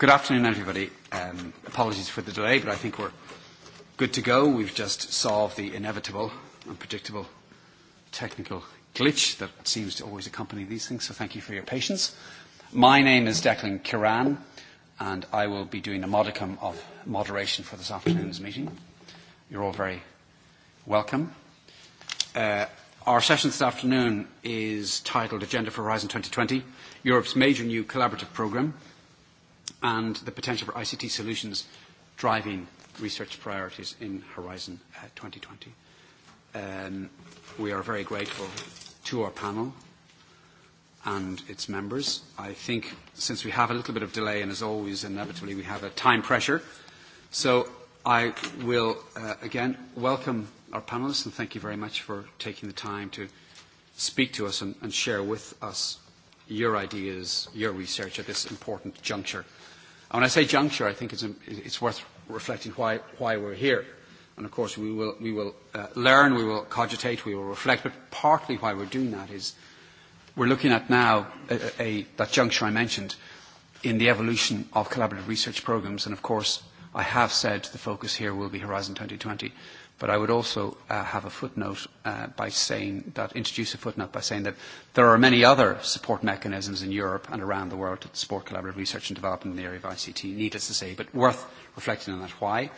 Good afternoon, everybody. Um, apologies for the delay, but I think we're good to go. We've just solved the inevitable, unpredictable technical glitch that seems to always accompany these things, so thank you for your patience. My name is Declan Kiran, and I will be doing a modicum of moderation for this afternoon's meeting. You're all very welcome. Uh, our session this afternoon is titled Agenda for Horizon 2020, Europe's Major New Collaborative Programme and the potential for ICT solutions driving research priorities in Horizon uh, 2020. Um, we are very grateful to our panel and its members. I think since we have a little bit of delay, and as always, inevitably, we have a time pressure. So I will uh, again welcome our panelists and thank you very much for taking the time to speak to us and, and share with us your ideas, your research at this important juncture And when I say juncture, I think it's, it's worth reflecting why, why we're here. And of course, we will, we will uh, learn, we will cogitate, we will reflect, but partly why we're doing that is we're looking at now a, a, that juncture I mentioned in the evolution of collaborative research programs. And of course, I have said the focus here will be Horizon 2020. But I would also uh, have a footnote uh, by saying that, introduce a footnote by saying that there are many other support mechanisms in Europe and around the world to support collaborative research and development in the area of ICT, needless to say, but worth reflecting on that. Why?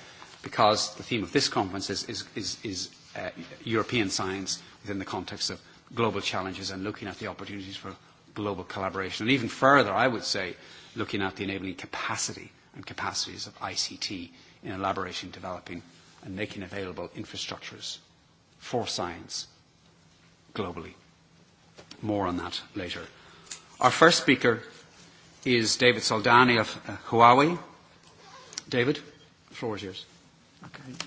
Because the theme of this conference is, is, is, is uh, European science within the context of global challenges and looking at the opportunities for global collaboration. And even further, I would say, looking at the enabling capacity and capacities of ICT in elaborating, developing, and making available infrastructures for science globally. More on that later. Our first speaker is David Soldani of uh, Huawei. David, the floor is yours. Okay.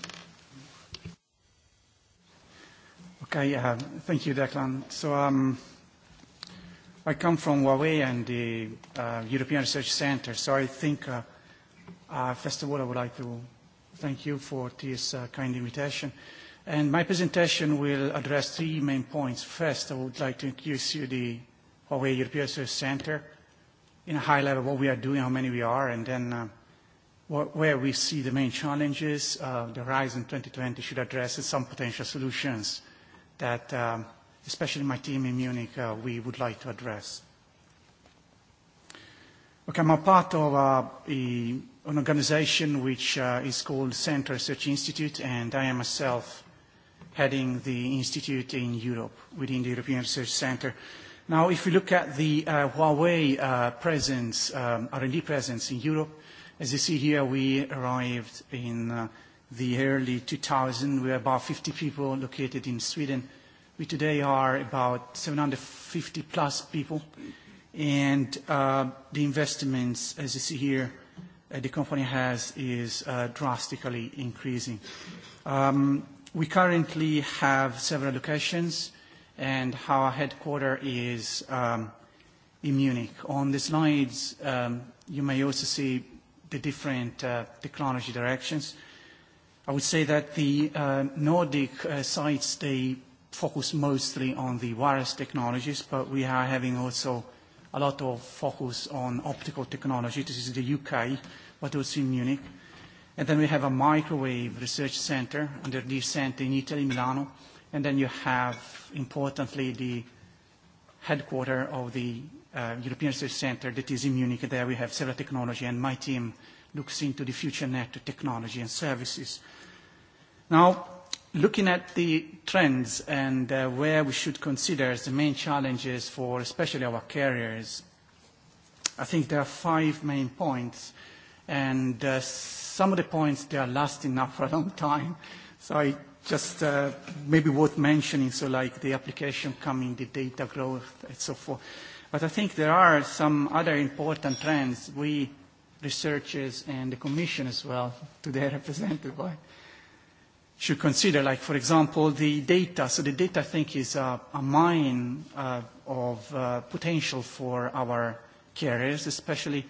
Okay, uh, thank you, Declan. So um, I come from Huawei and the uh, European Research Center, so I think, uh, uh, first of all, I would like to Thank you for this uh, kind invitation. And my presentation will address three main points. First, I would like to introduce you the Huawei European Service Center in a high level, what we are doing, how many we are, and then uh, what, where we see the main challenges uh, the Horizon 2020 should address and some potential solutions that, um, especially my team in Munich, uh, we would like to address. Okay, I'm a part of a uh, an organization which uh, is called Center Research Institute, and I am myself heading the institute in Europe within the European Research Center. Now, if we look at the uh, Huawei uh, presence, um, R&D presence in Europe, as you see here, we arrived in uh, the early 2000. We were about 50 people located in Sweden. We today are about 750 plus people. And uh, the investments, as you see here, Uh, the company has is uh, drastically increasing. Um, we currently have several locations, and our headquarters is um, in Munich. On the slides, um, you may also see the different uh, technology directions. I would say that the Nordic sites, they focus mostly on the wireless technologies, but we are having also a lot of focus on optical technology. This is the UK, but also in Munich. And then we have a microwave research center under this center in Italy, Milano. And then you have, importantly, the headquarter of the uh, European Research Center that is in Munich. There we have several technology, and my team looks into the future net technology and services. Now, Looking at the trends and uh, where we should consider as the main challenges for especially our carriers, I think there are five main points, and uh, some of the points, they are lasting now for a long time. So I just uh, maybe worth mentioning, so like the application coming, the data growth, and so forth. But I think there are some other important trends we researchers and the commission as well, today represented by should consider, like, for example, the data. So the data, I think, is a, a mine uh, of uh, potential for our carriers, especially.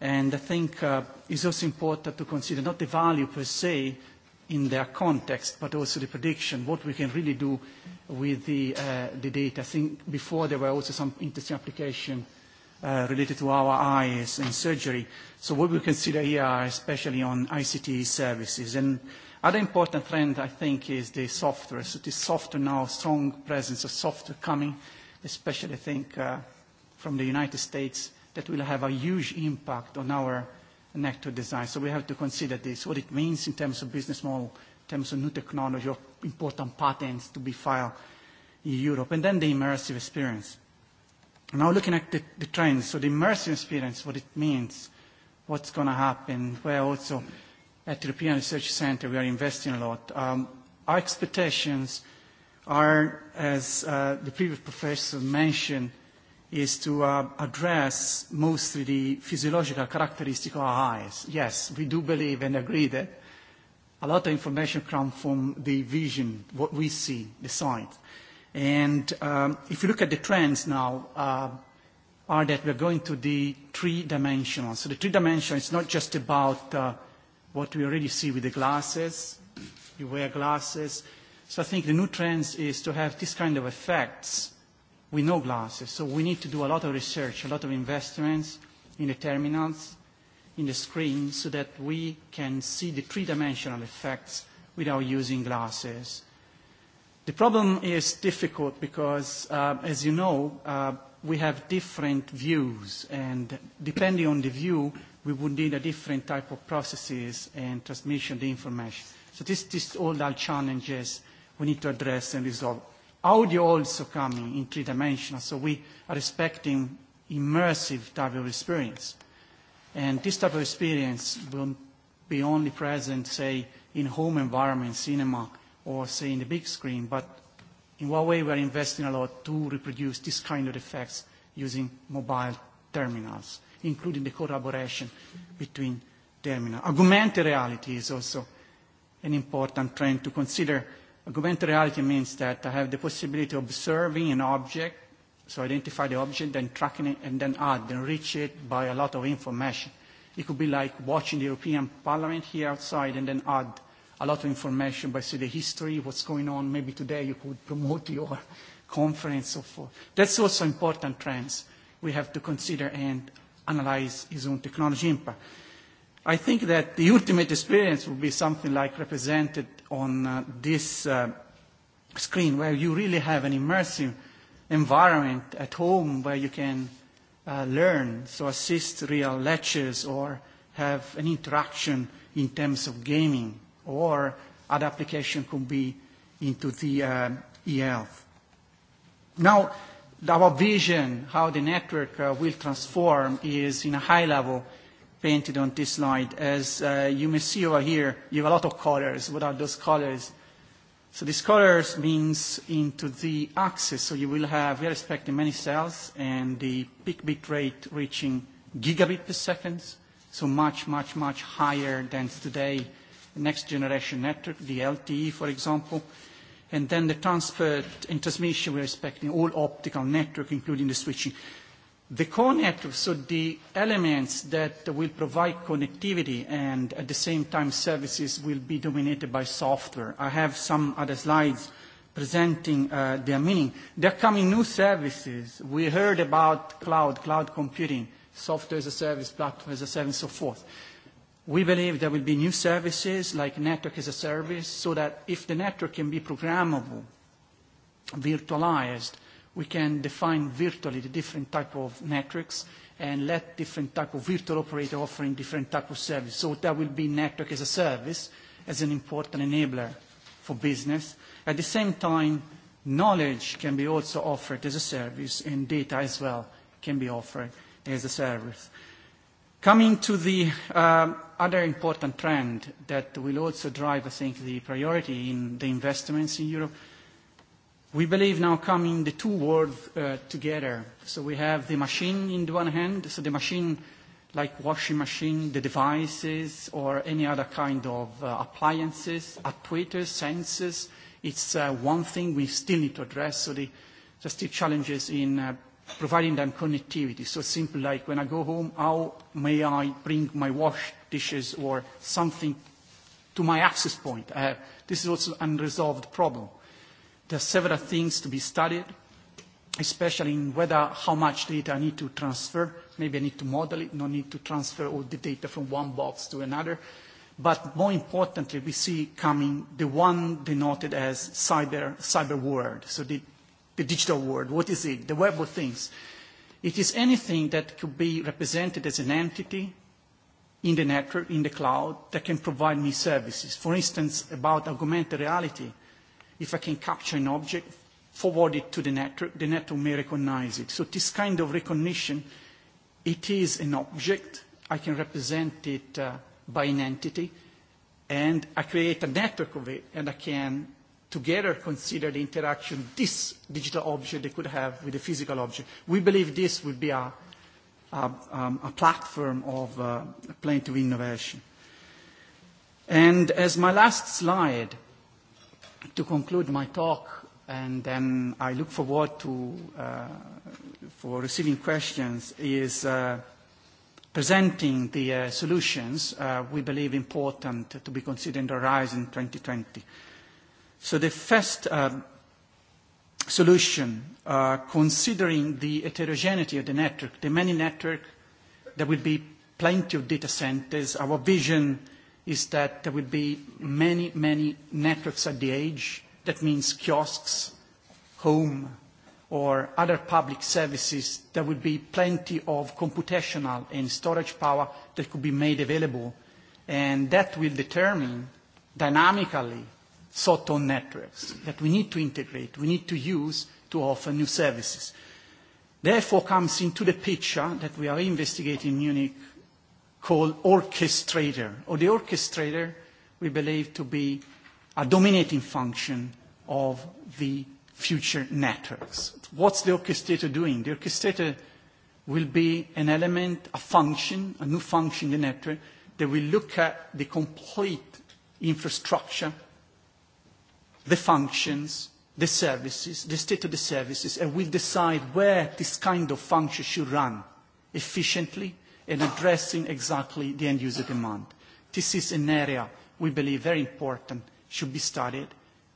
And I think uh, it's also important to consider not the value per se in their context, but also the prediction, what we can really do with the, uh, the data. I think before there were also some interesting applications uh, related to our eyes and surgery. So what we consider here are especially on ICT services. And Other important trend, I think, is the software. So the software now, strong presence of software coming, especially, I think, uh, from the United States, that will have a huge impact on our network design. So we have to consider this, what it means in terms of business model, in terms of new technology or important patents to be filed in Europe, and then the immersive experience. Now looking at the, the trends, so the immersive experience, what it means, what's going to happen, where also at the European Research Center, we are investing a lot. Um, our expectations are, as uh, the previous professor mentioned, is to uh, address mostly the physiological characteristic of our eyes. Yes, we do believe and agree that a lot of information comes from the vision, what we see, the sight. And um, if you look at the trends now, uh, are that we're going to the three dimensional. So the three dimensional is not just about uh, what we already see with the glasses. You wear glasses. So I think the new trend is to have this kind of effects with no glasses. So we need to do a lot of research, a lot of investments in the terminals, in the screen, so that we can see the three-dimensional effects without using glasses. The problem is difficult because, uh, as you know, uh, we have different views, and depending on the view, we would need a different type of processes and transmission of the information. So this, this all the challenges we need to address and resolve. Audio also coming in three dimensions, so we are expecting immersive type of experience. And this type of experience will be only present, say, in home environment, cinema, or say in the big screen, but in what way we are investing a lot to reproduce this kind of effects using mobile terminals including the collaboration between terminals. Augmented reality is also an important trend to consider. Augmented reality means that I have the possibility of observing an object, so identify the object, then tracking it, and then add, enrich it by a lot of information. It could be like watching the European Parliament here outside and then add a lot of information by, see the history, what's going on. Maybe today you could promote your conference, or so forth. That's also important trends we have to consider and analyze his own technology impact. I think that the ultimate experience will be something like represented on uh, this uh, screen, where you really have an immersive environment at home where you can uh, learn, so assist real lectures or have an interaction in terms of gaming, or other application could be into the uh, e-health. Now, our vision how the network uh, will transform is in a high level painted on this slide. As uh, you may see over here, you have a lot of colors. What are those colors? So these colors means into the axis, so you will have, we are expecting many cells and the peak bit rate reaching gigabit per second, so much, much, much higher than today next generation network, the LTE, for example. And then the transfer and transmission, we're expecting all optical network, including the switching. The core network, so the elements that will provide connectivity and at the same time services will be dominated by software. I have some other slides presenting uh, their meaning. There are coming new services. We heard about cloud, cloud computing, software as a service, platform as a service, and so forth. We believe there will be new services like network as a service so that if the network can be programmable, virtualized, we can define virtually the different type of networks and let different type of virtual operator offering different type of service. So that will be network as a service as an important enabler for business. At the same time, knowledge can be also offered as a service and data as well can be offered as a service. Coming to the uh, other important trend that will also drive, I think, the priority in the investments in Europe, we believe now coming the two worlds uh, together. So we have the machine in the one hand, so the machine like washing machine, the devices, or any other kind of uh, appliances, actuators, sensors. It's one thing we still need to address, so the, the still challenges in providing them connectivity. So simple like when I go home, how may I bring my wash dishes or something to my access point? Uh, this is also an unresolved problem. There are several things to be studied, especially in whether how much data I need to transfer. Maybe I need to model it, no need to transfer all the data from one box to another. But more importantly, we see coming the one denoted as cyber, cyber world. So the the digital world. What is it? The web of things. It is anything that could be represented as an entity in the network, in the cloud, that can provide me services. For instance, about augmented reality, if I can capture an object, forward it to the network, the network may recognize it. So this kind of recognition, it is an object. I can represent it uh, by an entity, and I create a network of it, and I can together consider the interaction this digital object they could have with the physical object. We believe this would be a, a, um, a platform of uh, plenty of innovation. And as my last slide, to conclude my talk, and then I look forward to uh, for receiving questions, is uh, presenting the uh, solutions uh, we believe important to be considered in the Horizon 2020. So the first um, solution, uh, considering the heterogeneity of the network, the many network, there will be plenty of data centers. Our vision is that there will be many, many networks at the edge. That means kiosks, home, or other public services. There will be plenty of computational and storage power that could be made available, and that will determine dynamically SOT networks that we need to integrate, we need to use to offer new services. Therefore comes into the picture that we are investigating in Munich called orchestrator, or the orchestrator we believe to be a dominating function of the future networks. What's the orchestrator doing? The orchestrator will be an element, a function, a new function in the network that will look at the complete infrastructure the functions, the services, the state of the services, and will decide where this kind of function should run efficiently and addressing exactly the end user demand. This is an area we believe very important, should be studied,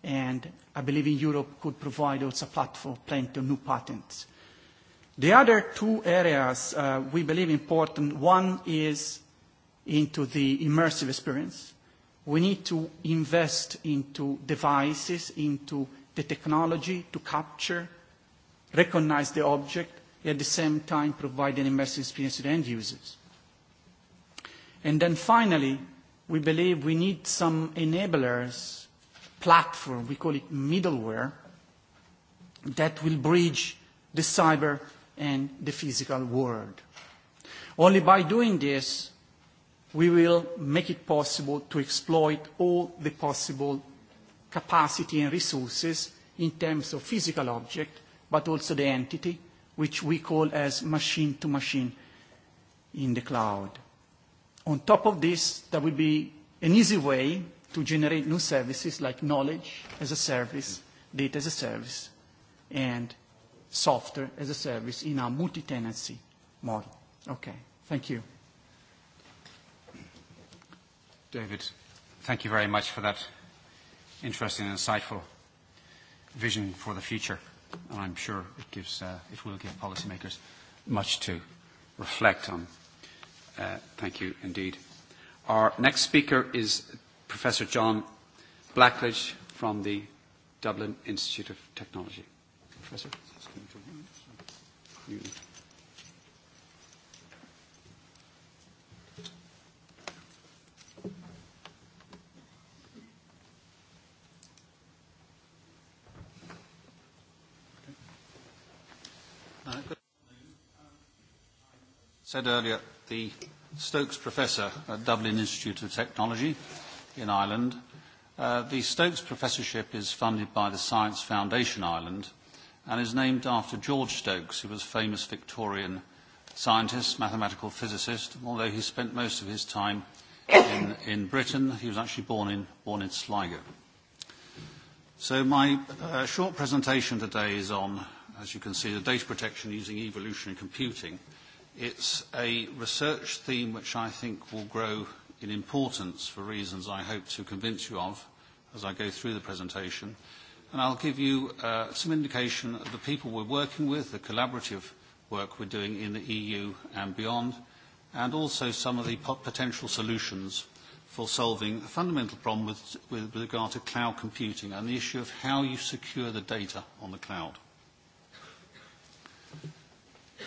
and I believe in Europe could provide also a platform plenty of new patents. The other two areas uh, we believe important, one is into the immersive experience, We need to invest into devices, into the technology to capture, recognize the object, at the same time provide an immersive experience to the end users. And then finally, we believe we need some enablers, platform, we call it middleware, that will bridge the cyber and the physical world. Only by doing this, we will make it possible to exploit all the possible capacity and resources in terms of physical object, but also the entity, which we call as machine-to-machine -machine in the cloud. On top of this, there will be an easy way to generate new services like knowledge as a service, data as a service, and software as a service in our multi-tenancy model. Okay, thank you. David, thank you very much for that interesting and insightful vision for the future. And I'm sure it, gives, uh, it will give policymakers much to reflect on. Uh, thank you indeed. Our next speaker is Professor John Blackledge from the Dublin Institute of Technology. Professor? You. said earlier, the Stokes Professor at Dublin Institute of Technology in Ireland. Uh, the Stokes Professorship is funded by the Science Foundation Ireland and is named after George Stokes, who was a famous Victorian scientist, mathematical physicist, although he spent most of his time in, in Britain. He was actually born in, born in Sligo. So my uh, short presentation today is on, as you can see, the data protection using evolutionary computing – It's a research theme which I think will grow in importance for reasons I hope to convince you of as I go through the presentation. And I'll give you uh, some indication of the people we're working with, the collaborative work we're doing in the EU and beyond, and also some of the potential solutions for solving a fundamental problem with, with regard to cloud computing and the issue of how you secure the data on the cloud.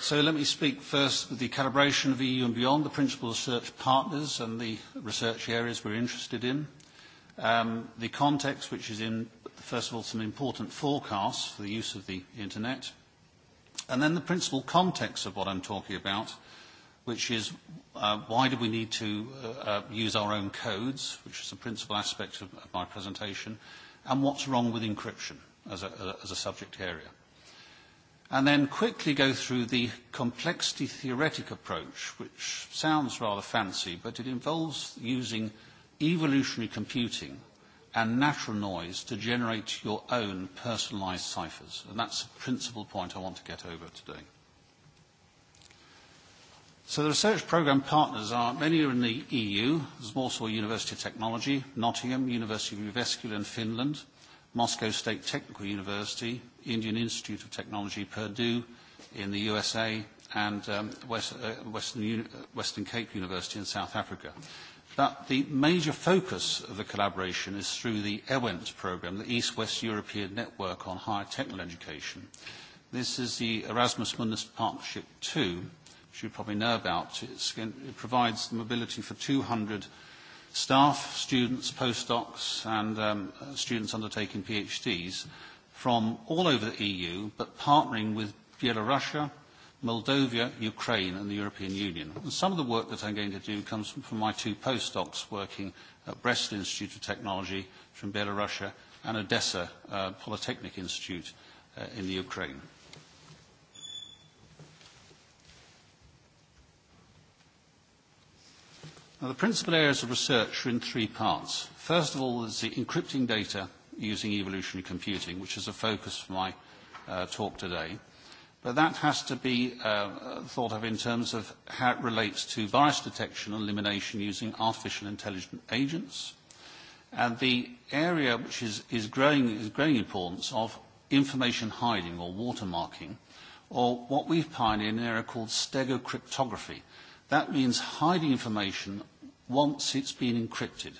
So let me speak first with the calibration of EU and beyond, the principal research partners and the research areas we're interested in. Um, the context, which is in, first of all, some important forecasts for the use of the internet. And then the principal context of what I'm talking about, which is uh, why do we need to uh, uh, use our own codes, which is the principal aspect of, of my presentation, and what's wrong with encryption as a, as a subject area and then quickly go through the complexity theoretic approach, which sounds rather fancy, but it involves using evolutionary computing and natural noise to generate your own personalized ciphers. And that's the principal point I want to get over today. So the research program partners are, many are in the EU, there's Warsaw University of Technology, Nottingham, University of Uvescula in Finland, Moscow State Technical University, Indian Institute of Technology, Purdue, in the USA, and um, West, uh, Western, uh, Western Cape University in South Africa. But the major focus of the collaboration is through the EWENT program, the East-West European Network on Higher Technical Education. This is the Erasmus Mundus Partnership 2, which you probably know about. It's, it provides mobility for 200 staff, students, postdocs, and um, students undertaking PhDs from all over the EU, but partnering with Bielorussia, Moldova, Ukraine, and the European Union. And some of the work that I'm going to do comes from, from my two postdocs working at Brest Institute of Technology from Belarusia and Odessa uh, Polytechnic Institute uh, in the Ukraine. Now, the principal areas of research are in three parts. First of all, there's the encrypting data using evolutionary computing, which is a focus for my uh, talk today. But that has to be uh, thought of in terms of how it relates to virus detection and elimination using artificial intelligent agents. And the area which is, is growing is growing importance of information hiding or watermarking, or what we've pioneered in an area called stegocryptography. That means hiding information once it's been encrypted.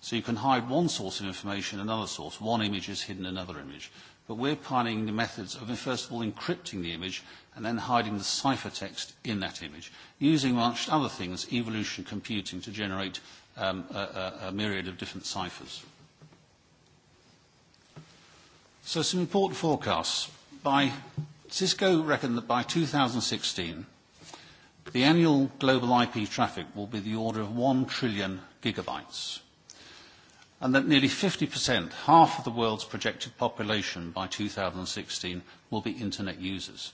So you can hide one source of information, another source. One image is hidden, in another image. But we're planning the methods of, first of all, encrypting the image and then hiding the ciphertext in that image, using, amongst other things, evolution computing to generate um, a, a, a myriad of different ciphers. So some important forecasts. By Cisco reckoned that by 2016, the annual global IP traffic will be the order of 1 trillion gigabytes and that nearly 50%, half of the world's projected population by 2016, will be internet users.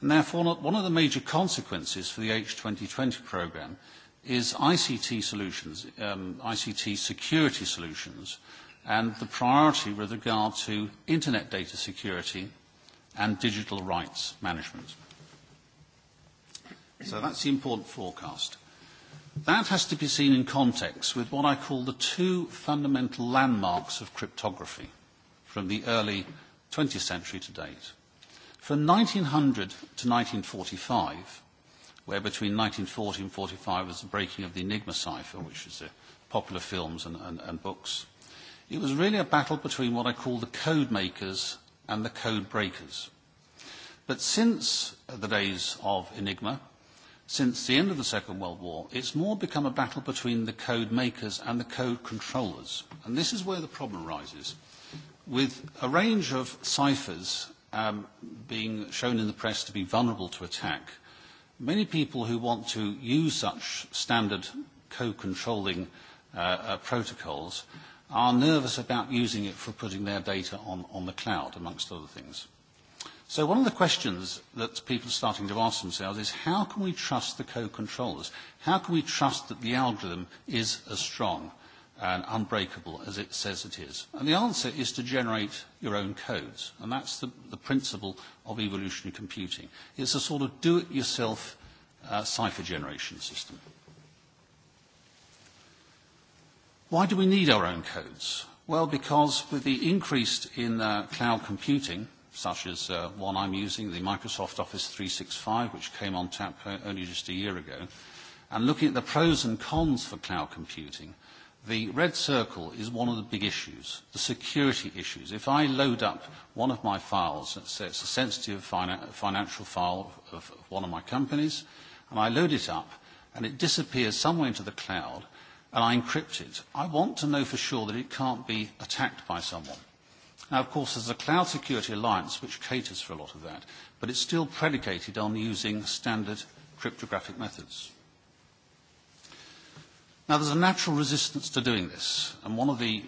And therefore, one of the major consequences for the H2020 program is ICT solutions, um, ICT security solutions, and the priority with regard to internet data security and digital rights management. So that's the important forecast. That has to be seen in context with what I call the two fundamental landmarks of cryptography from the early 20th century to date. From 1900 to 1945, where between 1940 and 45 was the breaking of the Enigma cipher, which is a popular films and, and, and books, it was really a battle between what I call the code makers and the code breakers. But since the days of Enigma, since the end of the Second World War, it's more become a battle between the code makers and the code controllers. And this is where the problem arises. With a range of ciphers um, being shown in the press to be vulnerable to attack, many people who want to use such standard code controlling uh, uh, protocols are nervous about using it for putting their data on, on the cloud, amongst other things. So one of the questions that people are starting to ask themselves is how can we trust the co-controllers? How can we trust that the algorithm is as strong and unbreakable as it says it is? And the answer is to generate your own codes. And that's the, the principle of evolutionary computing. It's a sort of do-it-yourself uh, cipher generation system. Why do we need our own codes? Well, because with the increase in uh, cloud computing, such as uh, one I'm using, the Microsoft Office 365, which came on tap only uh, just a year ago, and looking at the pros and cons for cloud computing, the red circle is one of the big issues, the security issues. If I load up one of my files, let's say it's a sensitive finan financial file of of one of my companies, and I load it up, and it disappears somewhere into the cloud, and I encrypt it, I want to know for sure that it can't be attacked by someone. Now, of course, there's a Cloud Security Alliance which caters for a lot of that, but it's still predicated on using standard cryptographic methods. Now, there's a natural resistance to doing this, and one of the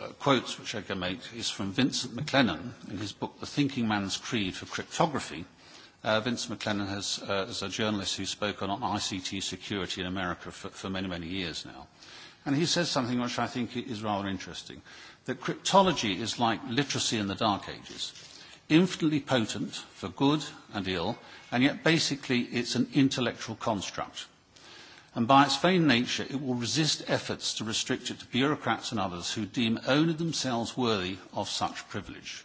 uh, quotes which I can make is from Vincent McLennan in his book, The Thinking Man's Creed for Cryptography. Uh, Vincent McLennan has, uh, is a journalist who's spoken on ICT security in America for, for many, many years now. And he says something which I think is rather interesting that cryptology is like literacy in the Dark Ages, infinitely potent for good and ill, and yet basically it's an intellectual construct. And by its very nature, it will resist efforts to restrict it to bureaucrats and others who deem only themselves worthy of such privilege.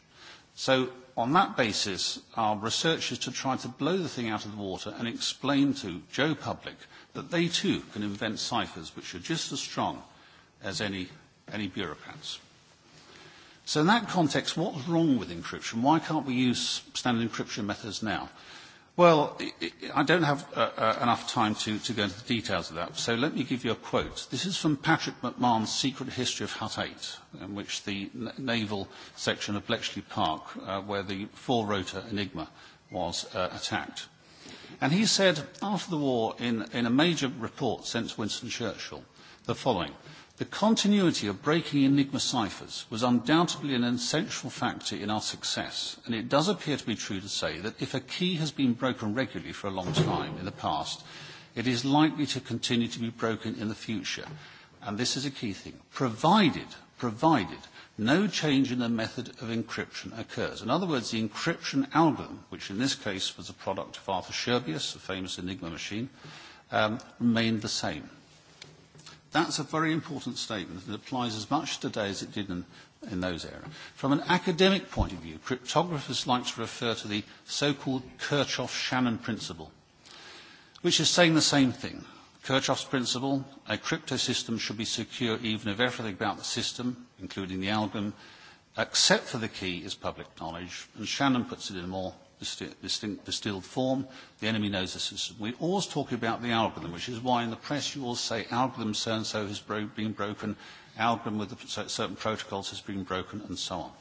So on that basis, our research is to try to blow the thing out of the water and explain to Joe Public that they too can invent ciphers which are just as strong as any, any bureaucrats. So in that context, what's wrong with encryption? Why can't we use standard encryption methods now? Well, I don't have uh, uh, enough time to, to go into the details of that, so let me give you a quote. This is from Patrick McMahon's Secret History of Hut 8, in which the naval section of Bletchley Park, uh, where the four-rotor Enigma was uh, attacked. And he said, after the war, in, in a major report sent to Winston Churchill, the following – The continuity of breaking Enigma ciphers was undoubtedly an essential factor in our success, and it does appear to be true to say that if a key has been broken regularly for a long time in the past, it is likely to continue to be broken in the future. And this is a key thing, provided, provided no change in the method of encryption occurs. In other words, the encryption algorithm, which in this case was a product of Arthur Scherbius, a famous Enigma machine, um, remained the same. That's a very important statement that applies as much today as it did in, in those eras. From an academic point of view, cryptographers like to refer to the so-called Kirchhoff-Shannon principle, which is saying the same thing. Kirchhoff's principle, a crypto system should be secure even if everything about the system, including the algorithm, except for the key, is public knowledge, and Shannon puts it in a more distilled form. The enemy knows the system. We always talk about the algorithm, which is why in the press you all say algorithm so-and-so has bro- been broken, algorithm with certain protocols has been broken, and so on.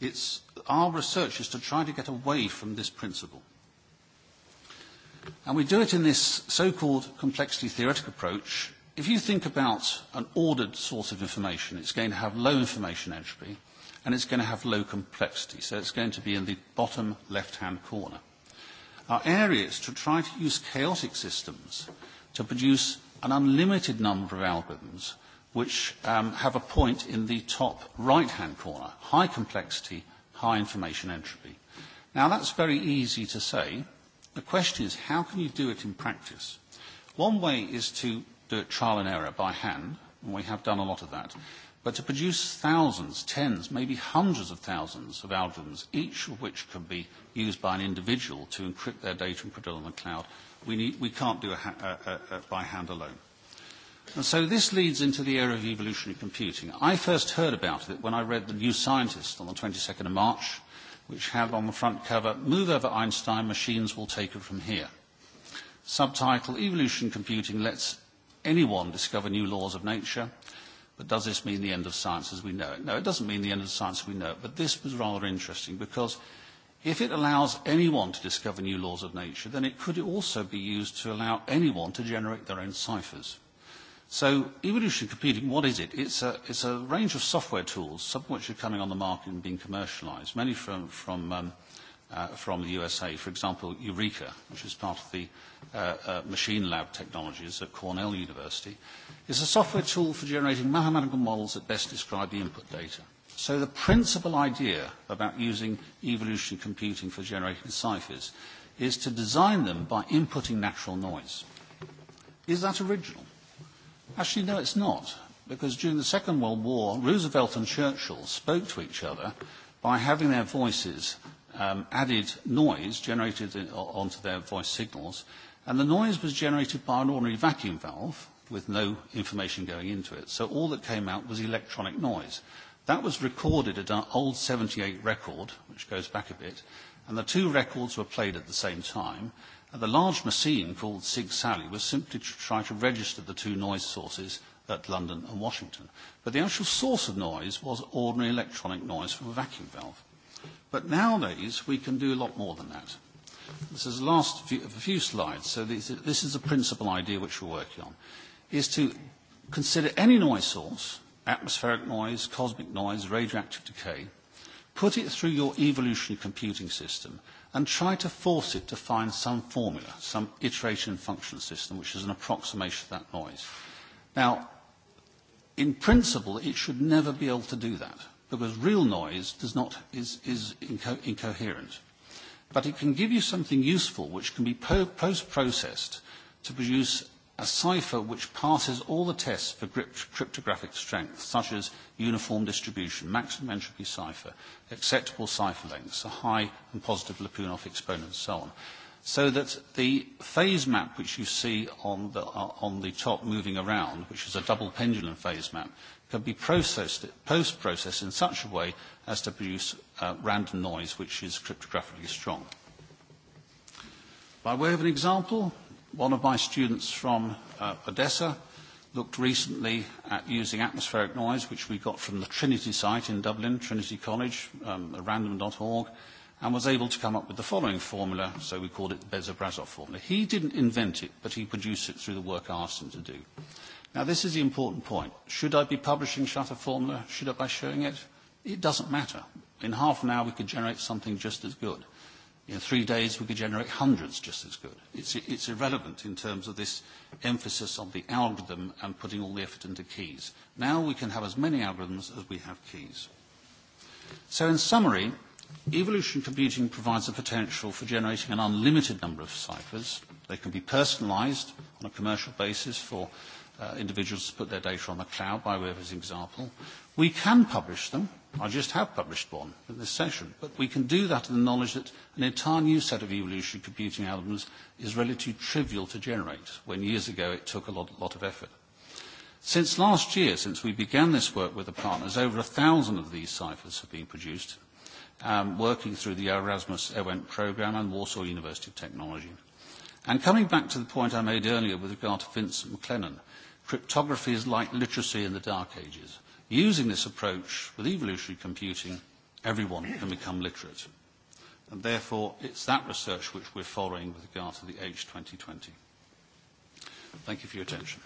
It's our research is to try to get away from this principle. And we do it in this so-called complexity theoretic approach. If you think about an ordered source of information, it's going to have low information entropy and it's going to have low complexity, so it's going to be in the bottom left-hand corner. Our area is to try to use chaotic systems to produce an unlimited number of algorithms which um, have a point in the top right-hand corner, high complexity, high information entropy. Now, that's very easy to say. The question is, how can you do it in practice? One way is to do it trial and error by hand, and we have done a lot of that. But to produce thousands, tens, maybe hundreds of thousands of algorithms, each of which can be used by an individual to encrypt their data and put it on the cloud, we, need, we can't do it ha- a, a, a by hand alone. And so this leads into the area of evolutionary computing. I first heard about it when I read The New Scientist on the 22nd of March, which had on the front cover, Move over Einstein, machines will take it from here. Subtitle, Evolution Computing lets anyone discover new laws of nature – But does this mean the end of science as we know it? No, it doesn't mean the end of science as we know it. But this was rather interesting because if it allows anyone to discover new laws of nature, then it could also be used to allow anyone to generate their own ciphers. So evolution computing, what is it? It's a, it's a range of software tools, some of which are coming on the market and being commercialized, many from, from um, – Uh, from the USA. For example, Eureka, which is part of the uh, uh, machine lab technologies at Cornell University, is a software tool for generating mathematical models that best describe the input data. So the principal idea about using evolutionary computing for generating ciphers is to design them by inputting natural noise. Is that original? Actually, no, it's not, because during the Second World War, Roosevelt and Churchill spoke to each other by having their voices um, added noise generated onto their voice signals, and the noise was generated by an ordinary vacuum valve with no information going into it. So all that came out was electronic noise. That was recorded at our old 78 record, which goes back a bit, and the two records were played at the same time. And the large machine called Sig Sally was simply to try to register the two noise sources at London and Washington. But the actual source of noise was ordinary electronic noise from a vacuum valve. But nowadays, we can do a lot more than that. This is the last few, a few slides, so this, this is a principal idea which we're working on, is to consider any noise source, atmospheric noise, cosmic noise, radioactive decay, put it through your evolution computing system and try to force it to find some formula, some iteration function system, which is an approximation of that noise. Now, in principle, it should never be able to do that because real noise does not, is, is inco- incoherent. But it can give you something useful which can be po- post-processed to produce a cipher which passes all the tests for crypt- cryptographic strength, such as uniform distribution, maximum entropy cipher, acceptable cipher lengths, a high and positive Lyapunov exponent, and so on so that the phase map which you see on the, uh, on the top moving around, which is a double pendulum phase map, can be processed, post-processed in such a way as to produce uh, random noise which is cryptographically strong. By way of an example, one of my students from uh, Odessa looked recently at using atmospheric noise, which we got from the Trinity site in Dublin, Trinity College, um, random.org, and was able to come up with the following formula, so we called it the Bezobrazov formula. He didn't invent it, but he produced it through the work I asked him to do. Now, this is the important point. Should I be publishing Shutter Formula? Should I be showing it? It doesn't matter. In half an hour, we could generate something just as good. In three days, we could generate hundreds just as good. It's, it's irrelevant in terms of this emphasis on the algorithm and putting all the effort into keys. Now we can have as many algorithms as we have keys. So in summary, Evolution computing provides the potential for generating an unlimited number of ciphers. They can be personalized on a commercial basis for uh, individuals to put their data on the cloud, by way of his example. We can publish them. I just have published one in this session. But we can do that in the knowledge that an entire new set of evolution computing algorithms is relatively trivial to generate, when years ago it took a lot, lot of effort. Since last year, since we began this work with the partners, over a thousand of these ciphers have been produced Um, working through the Erasmus EWENT program and Warsaw University of Technology. And coming back to the point I made earlier with regard to Vincent McLennan, cryptography is like literacy in the Dark Ages. Using this approach with evolutionary computing, everyone can become literate. And therefore, it's that research which we're following with regard to the h 2020. Thank you for your attention.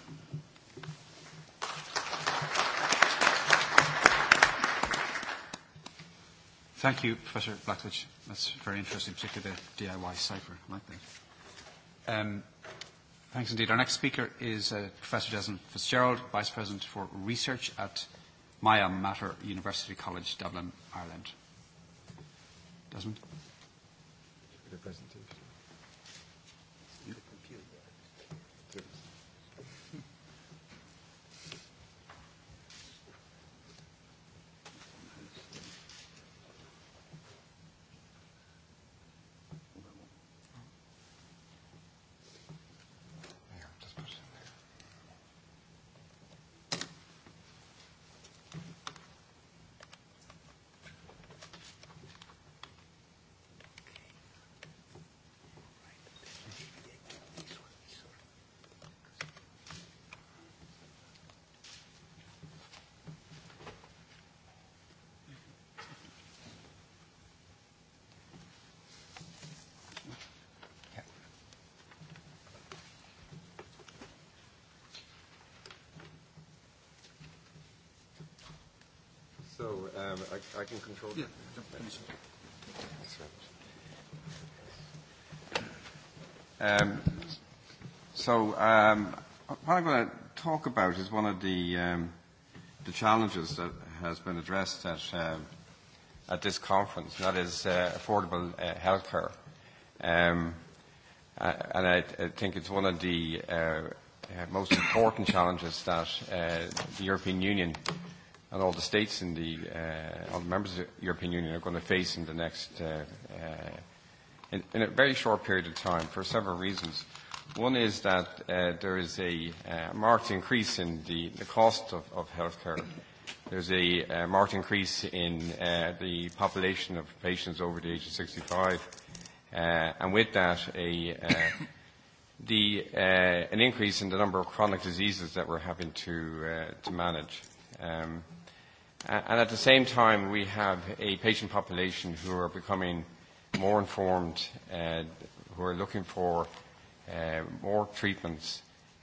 Thank you, Professor Blackledge. That's very interesting, particularly the DIY cipher. I like that. Um, thanks indeed. Our next speaker is uh, Professor Desmond Fitzgerald, Vice President for Research at Maya Matter University College Dublin, Ireland. Desmond? Mr. President. Um, I, I can control that. Yeah. Um, so um, what I'm going to talk about is one of the um, the challenges that has been addressed at um, at this conference, and that is uh, affordable uh, healthcare. Um, uh, and I, I think it's one of the uh, uh, most important challenges that uh, the European Union uh, and all the states in the, uh, all the members of the European Union are going to face in the next, uh, uh, in, in a very short period of time for several reasons. One is that uh, there is a uh, marked increase in the, the cost of, of healthcare. There's a uh, marked increase in uh, the population of patients over the age of 65, uh, and with that, a, uh, the, uh, an increase in the number of chronic diseases that we're having to, uh, to manage. Um, at the same time, we have a patient population who are becoming more informed, uh, who are looking for uh, more treatments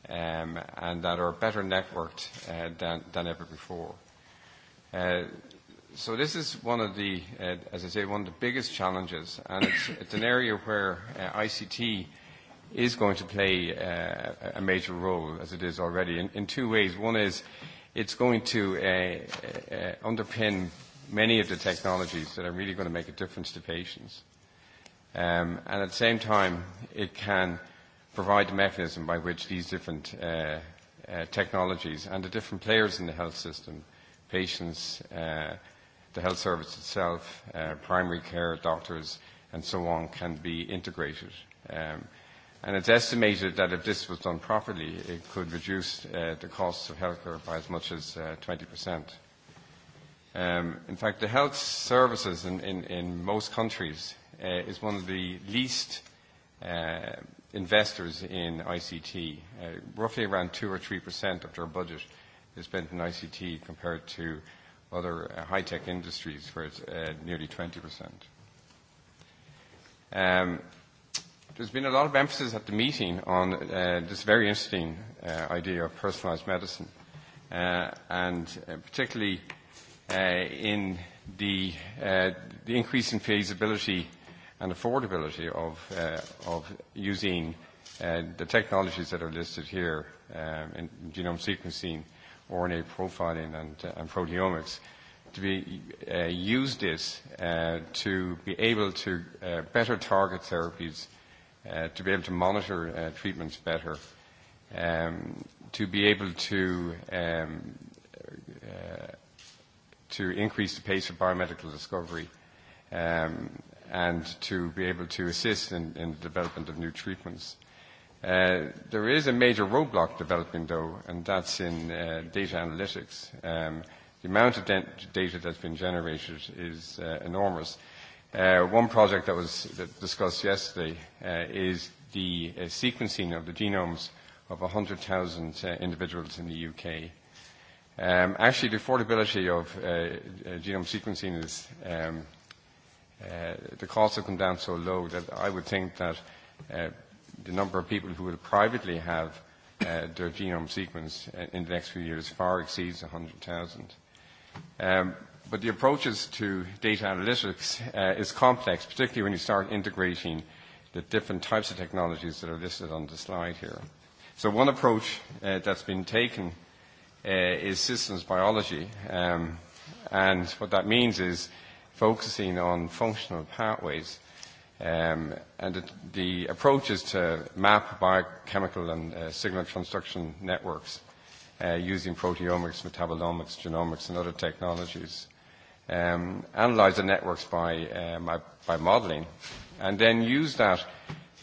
um, and that are better networked uh, than, ever before. this is one of the, as I say, one of the biggest challenges, and it's, an area where ICT is going to play a major role, as it is already, in two ways. One is it's going to uh, uh, underpin many of the technologies that are really going to make a difference to patients. Um, and at the same time, it can provide the mechanism by which these different uh, uh, technologies and the different players in the health system, patients, uh, the health service itself, uh, primary care, doctors, and so on, can be integrated. Um, And it's estimated that if this was done properly, it could reduce uh, the costs of healthcare by as much as uh, 20%. Um, in fact, the health services in, in, in most countries uh, is one of the least uh, investors in ICT. Uh, roughly around 2 or 3% of their budget is spent in ICT compared to other uh, high-tech industries where it's uh, nearly 20%. Um, There's been a lot of emphasis at the meeting on uh, this very interesting uh, idea of personalized medicine, uh, and uh, particularly uh, in the, uh, the increase in feasibility and affordability of, uh, of using uh, the technologies that are listed here um, in genome sequencing, RNA profiling, and, uh, and proteomics to be uh, use this uh, to be able to uh, better target therapies uh, to be able to monitor uh, treatments better, um, to be able to um, uh, to increase the pace of biomedical discovery, um, and to be able to assist in, in the development of new treatments. Uh, there is a major roadblock developing, though, and that's in uh, data analytics. Um, the amount of data that's been generated is uh, enormous. Uh, Uh, one project that was that discussed yesterday uh, is the uh, sequencing of the genomes of 100,000 uh, individuals in the UK. Um, actually, the affordability of uh, uh, genome sequencing is um, uh, the costs have come down so low that I would think that uh, the number of people who will privately have uh, their genome sequenced uh, in the next few years far exceeds 100,000. Um, But the approaches to data analytics uh, is complex, particularly when you start integrating the different types of technologies that are listed on the slide here. So one approach uh, that's been taken uh, is systems biology. Um, and what that means is focusing on functional pathways. Um, and the, the approach is to map biochemical and uh, signal transduction networks uh, using proteomics, metabolomics, genomics, and other technologies um, analyze the networks by, uh, my, by modeling, and then use that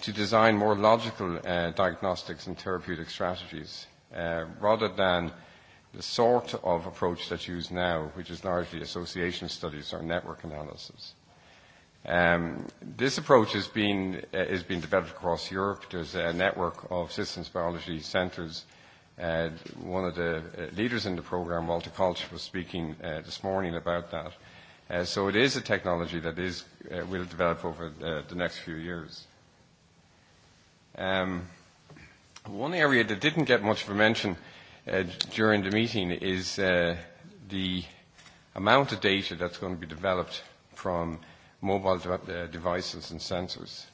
to design more logical uh, diagnostics and therapeutic strategies uh, rather than the sort of approach that's used now, which is largely association studies or network analysis. Um, this approach has been, uh, has been developed across Europe. There's a network of systems biology centers uh, Uh, one of the uh, leaders in the program, Walter Kolch, was speaking uh, this morning about that. Uh, so it is a technology that is, uh, will develop over the, uh, the next few years. Um, one area that didn't get much of a mention uh, during the meeting is uh, the amount of data that's going to be developed from mobile de- uh, devices and sensors.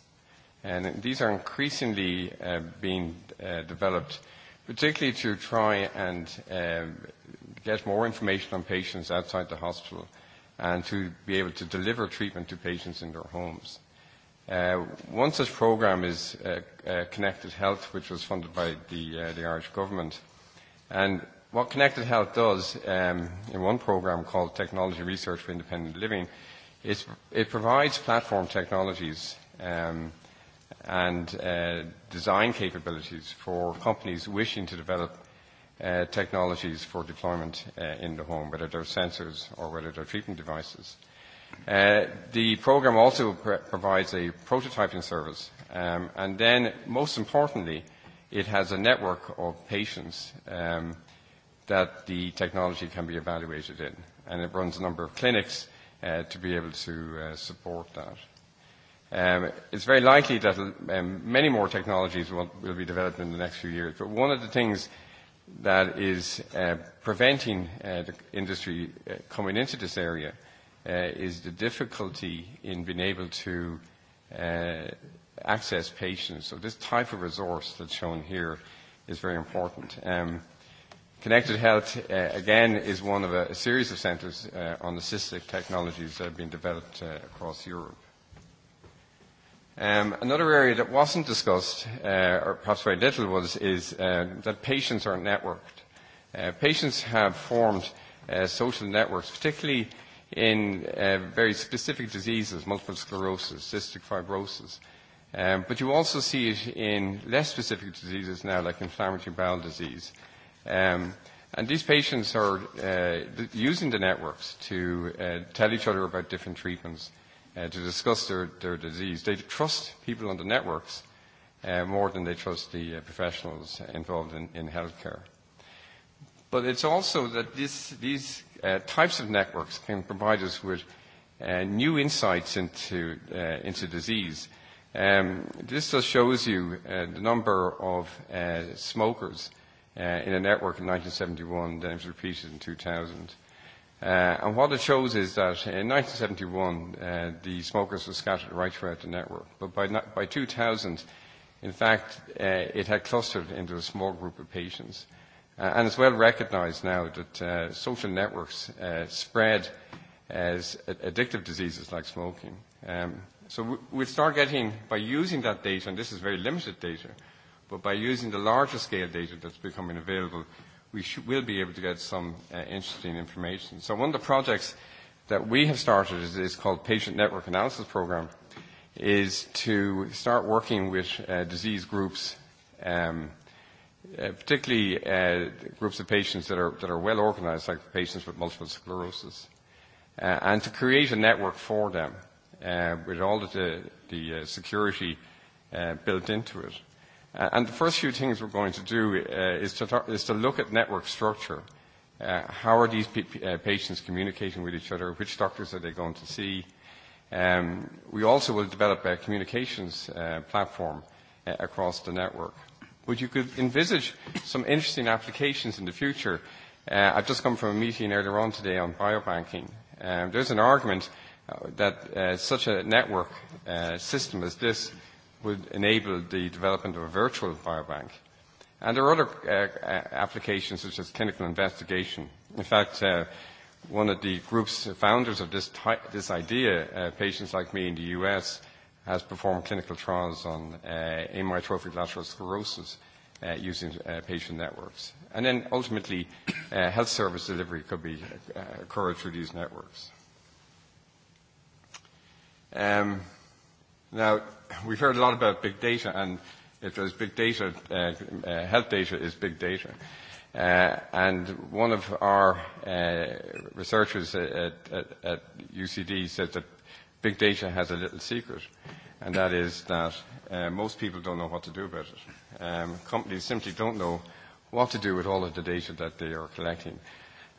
And these are increasingly uh, being uh, developed uh, particularly to try and um, get more information on patients outside the hospital and to be able to deliver treatment to patients in their homes. Uh, one such program is uh, uh, Connected Health, which was funded by the, uh, the Irish government. And what Connected Health does um, in one program called Technology Research for Independent Living, is it provides platform technologies um, and uh, design capabilities for companies wishing to develop uh, technologies for deployment uh, in the home, whether they're sensors or whether they're treatment devices. Uh, the program also pr- provides a prototyping service, um, and then, most importantly, it has a network of patients um, that the technology can be evaluated in, and it runs a number of clinics uh, to be able to uh, support that. Um, it's very likely that um, many more technologies will, will be developed in the next few years. But one of the things that is uh, preventing uh, the industry uh, coming into this area uh, is the difficulty in being able to uh, access patients. So this type of resource that's shown here is very important. Um, Connected Health, uh, again, is one of a, a series of centers uh, on assistive technologies that have been developed uh, across Europe. Um, another area that wasn't discussed, uh, or perhaps very little, was is uh, that patients are networked. Uh, patients have formed uh, social networks, particularly in uh, very specific diseases, multiple sclerosis, cystic fibrosis. Um, but you also see it in less specific diseases now, like inflammatory bowel disease. Um, and these patients are uh, using the networks to uh, tell each other about different treatments. Uh, uh, to discuss their, their disease. They trust people on the networks uh, more than they trust the uh, professionals involved in, in healthcare. But it's also that this, these uh, types of networks can provide us with uh, new insights into, uh, into disease. Um, this just shows you uh, the number of uh, smokers uh, in a network in 1971, then it was repeated in 2000. Uh, and what it shows is that in 1971, uh, the smokers were scattered right throughout the network. But by, not, by 2000, in fact, uh, it had clustered into a small group of patients. Uh, and it's well recognized now that uh, social networks uh, spread as addictive diseases like smoking. Um, so we'll start getting, by using that data, and this is very limited data, but by using the larger scale data that's becoming available, we will be able to get some uh, interesting information. So one of the projects that we have started is, is called Patient Network Analysis Program, is to start working with uh, disease groups, um, uh, particularly uh, groups of patients that are, that are well organized, like patients with multiple sclerosis, uh, and to create a network for them uh, with all of the, the uh, security uh, built into it. Uh, and the first few things we're going to do uh, is, to talk, is to look at network structure. Uh, how are these p- uh, patients communicating with each other? Which doctors are they going to see? Um, we also will develop a communications uh, platform uh, across the network. But you could envisage some interesting applications in the future. Uh, I've just come from a meeting earlier on today on biobanking. Um, there's an argument uh, that uh, such a network uh, system as this – would enable the development of a virtual biobank. And there are other uh, uh, applications such as clinical investigation. In fact, uh, one of the group's founders of this, type, this idea, uh, patients like me in the US, has performed clinical trials on uh, amyotrophic lateral sclerosis uh, using uh, patient networks. And then ultimately, uh, health service delivery could be uh, occurred through these networks. Um, now, we've heard a lot about big data, and if there's big data, uh, uh, health data is big data. Uh, and one of our uh, researchers at, at, at UCD said that big data has a little secret, and that is that uh, most people don't know what to do about it. Um, companies simply don't know what to do with all of the data that they are collecting.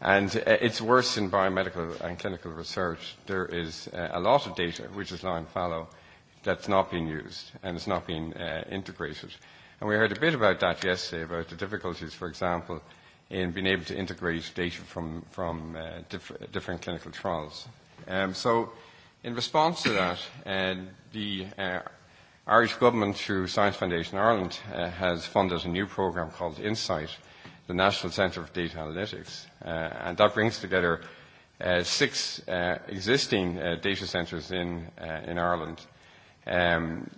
And uh, it's worse in biomedical and clinical research. There is uh, a lot of data which is lying fallow, that's not being used and it's not being uh, integrated. And we heard a bit about that yesterday, about the difficulties, for example, in being able to integrate data from, from uh, diff- different clinical trials. Um, so in response to that, uh, the uh, Irish government through Science Foundation Ireland uh, has funded a new program called Insight, the National Centre for Data Analytics. Uh, and that brings together uh, six uh, existing uh, data centres in, uh, in Ireland um,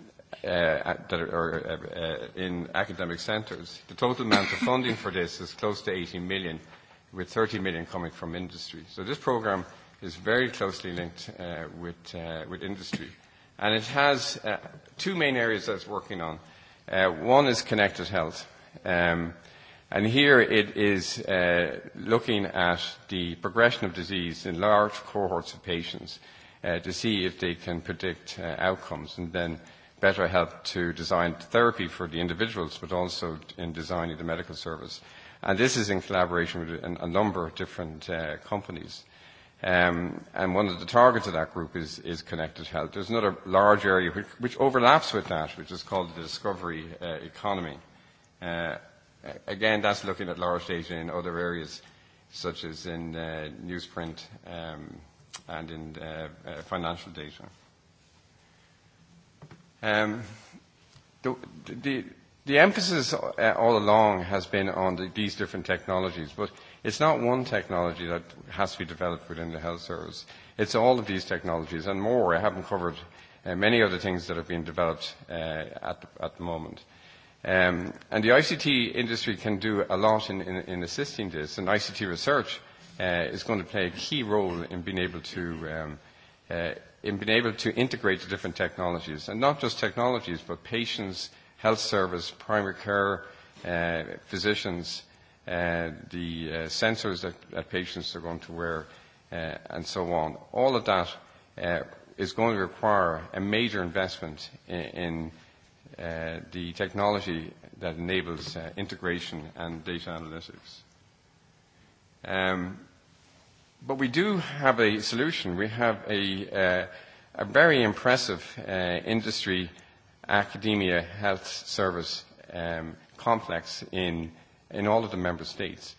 uh, that are uh, in academic centres. The total amount of funding for this is close to 80 million, with 30 million coming from industry. So this programme is very closely linked uh, with, uh, with industry. And it has uh, two main areas that it's working on. Uh, one is connected health. Um, and here it is uh, looking at the progression of disease in large cohorts of patients. Uh, uh, to see if they can predict uh, outcomes and then better help to design therapy for the individuals, but also in designing the medical service. And this is in collaboration with a, a number of different uh, companies. Um, and one of the targets of that group is, is connected health. There's another large area which, which overlaps with that, which is called the discovery uh, economy. Uh, again, that's looking at large data in other areas, such as in uh, newsprint, um, and in uh, uh, financial data. Um, the, the, the emphasis uh, all along has been on the, these different technologies, but it's not one technology that has to be developed within the health service. It's all of these technologies and more. I haven't covered uh, many other things that have been developed uh, at, the, at the moment. Um, and the ICT industry can do a lot in, in, in assisting this, and ICT research – uh, is going to play a key role in being able to um, uh, in being able to integrate the different technologies, and not just technologies, but patients, health service, primary care, uh, physicians, uh, the uh, sensors that, that patients are going to wear, uh, and so on. All of that uh, is going to require a major investment in, in uh, the technology that enables uh, integration and data analytics. Um, but we do have a solution. We have a, uh, a very impressive uh, industry academia health service um, complex in, in all of the member states.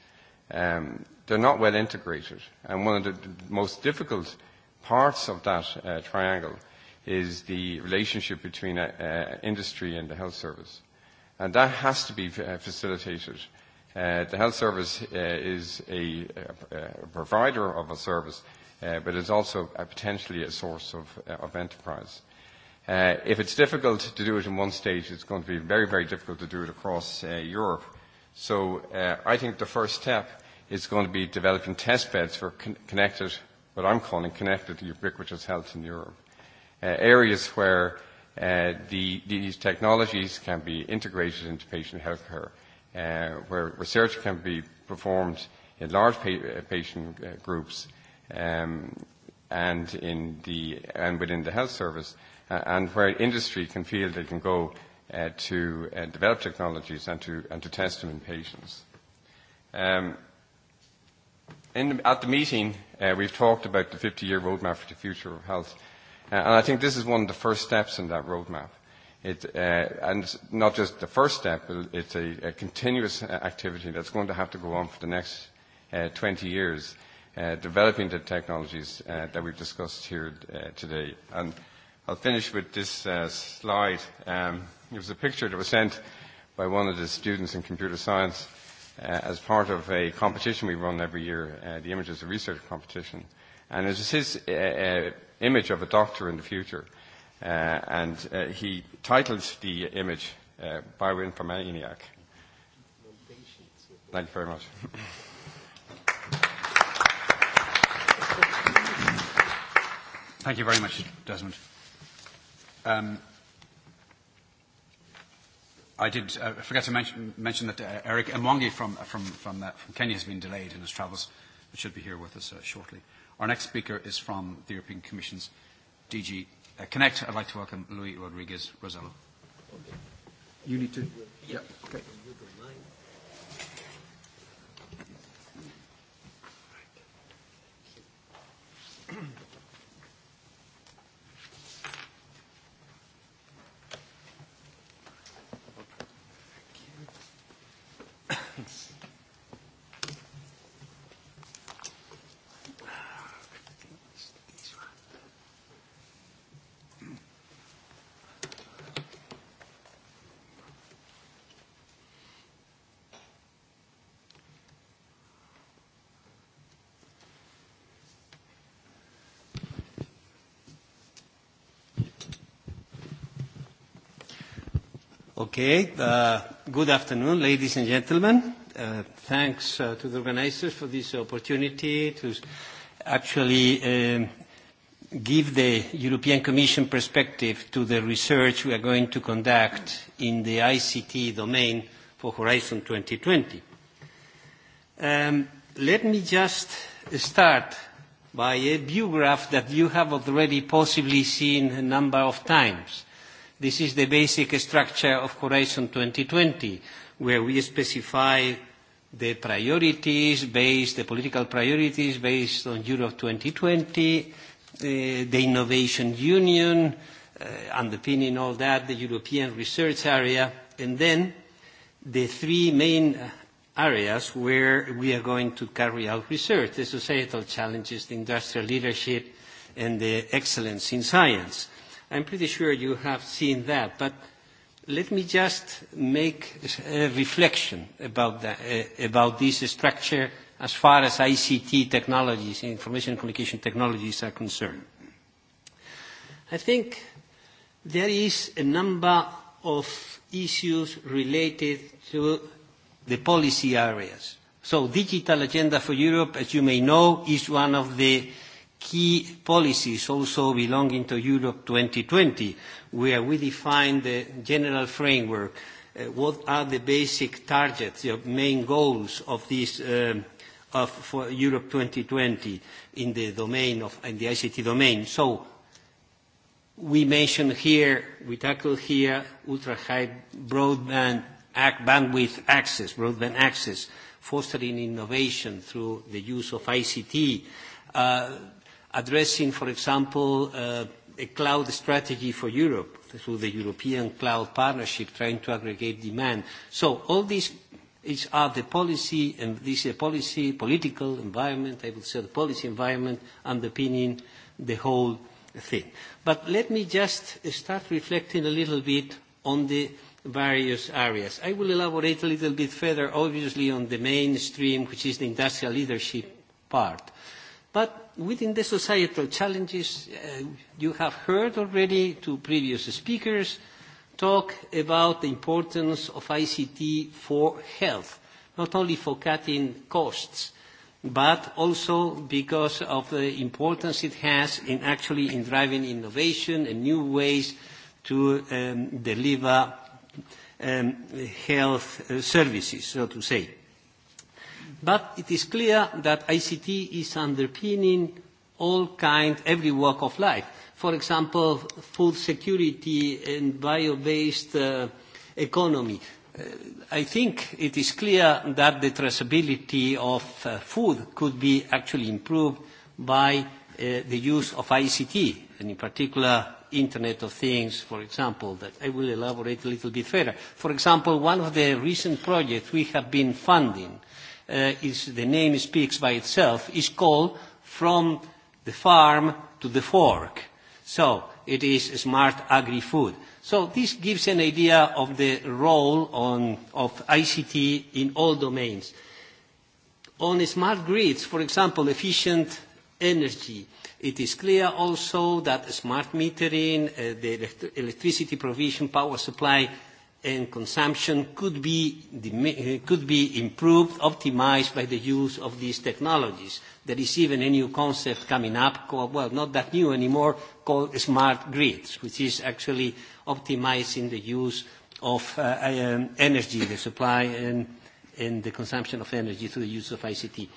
Um, they're not well integrated. And one of the most difficult parts of that uh, triangle is the relationship between uh, uh, industry and the health service. And that has to be uh, facilitated Uh, the health service uh, is a, a provider of a service, uh, but it's also a potentially a source of, uh, of enterprise. Uh, if it's difficult to do it in one state, it's going to be very, very difficult to do it across uh, Europe. So uh, I think the first step is going to be developing test beds for con- connected, what I'm calling connected ubiquitous health in Europe. Uh, areas where uh, the, these technologies can be integrated into patient healthcare. care uh, where research can be performed in large pa- uh, patient uh, groups um, and, in the, and within the health service, uh, and where industry can feel they can go uh, to uh, develop technologies and to, and to test them in patients. Um, in, at the meeting, uh, we've talked about the 50-year roadmap for the future of health, uh, and I think this is one of the first steps in that roadmap. It, uh, and not just the first step, it's a, a continuous uh, activity that's going to have to go on for the next uh, 20 years, uh, developing the technologies uh, that we've discussed here uh, today. And I'll finish with this uh, slide. Um, it was a picture that was sent by one of the students in computer science uh, as part of a competition we run every year, uh, the Images of Research competition. And it was his uh, uh, image of a doctor in the future uh, and uh, he titled the image uh, Bioinformaniac. Thank you very much. Thank you very much, Desmond. Um, I did uh, forget to mention, mention that uh, Eric Mwangi from, uh, from, from, uh, from Kenya has been delayed in his travels, but should be here with us uh, shortly. Our next speaker is from the European Commission's DG uh, Connect, I'd like to welcome Luis Rodriguez Rosello. You need to? Yeah. Okay. Okay. Uh, good afternoon, ladies and gentlemen. Uh, thanks uh, to the organizers for this opportunity to actually um, give the European Commission perspective to the research we are going to conduct in the ICT domain for Horizon 2020. Um, let me just start by a view graph that you have already possibly seen a number of times This is the basic structure of Horizon 2020, where we specify the priorities based, the political priorities based on Europe 2020, uh, the Innovation Union, uh, underpinning all that, the European research area, and then the three main areas where we are going to carry out research, the societal challenges, the industrial leadership, and the excellence in science. I'm pretty sure you have seen that, but let me just make a reflection about, that, uh, eh, about this structure as far as ICT technologies, information and communication technologies are concerned. I think there is a number of issues related to the policy areas. So digital agenda for Europe, as you may know, is one of the uh, key policies also belonging to Europe 2020, where we define the general framework. Uh, what are the basic targets, the main goals of this um, of, for Europe 2020 in the domain of in the ICT domain? So we mention here, we tackle here ultra-high broadband bandwidth access, broadband access, fostering innovation through the use of ICT, uh, addressing, for example, uh, a cloud strategy for Europe through the European Cloud Partnership, trying to aggregate demand. So all these is, are the policy, and this is a policy, political environment, I would say the policy environment underpinning the whole thing. But let me just start reflecting a little bit on the various areas. I will elaborate a little bit further, obviously, on the mainstream, which is the industrial leadership part. But within the societal challenges, uh, you have heard already to previous speakers talk about the importance of ICT for health, not only for cutting costs, but also because of the importance it has in actually in driving innovation and new ways to um, deliver um, health uh, services, so to say. But it is clear that ICT is underpinning all kind, every walk of life. For example, food security and bio-based uh, economy. Uh, I think it is clear that the traceability of uh, food could be actually improved by uh, the use of ICT, and in particular Internet of Things, for example, that I will elaborate a little bit further. For example, one of the recent projects we have been funding uh, uh, is, the name speaks by itself, is called from the farm to the fork. So it is smart agri-food. So this gives an idea of the role on, of ICT in all domains. On smart grids, for example, efficient energy, It is clear also that smart metering, uh, the electricity provision, power supply and consumption could be, could be improved, optimized by the use of these technologies. There is even a new concept coming up, called, well, not that new anymore, called smart grids, which is actually optimizing the use of uh, uh um, energy, the supply and, and the consumption of energy through the use of ICT.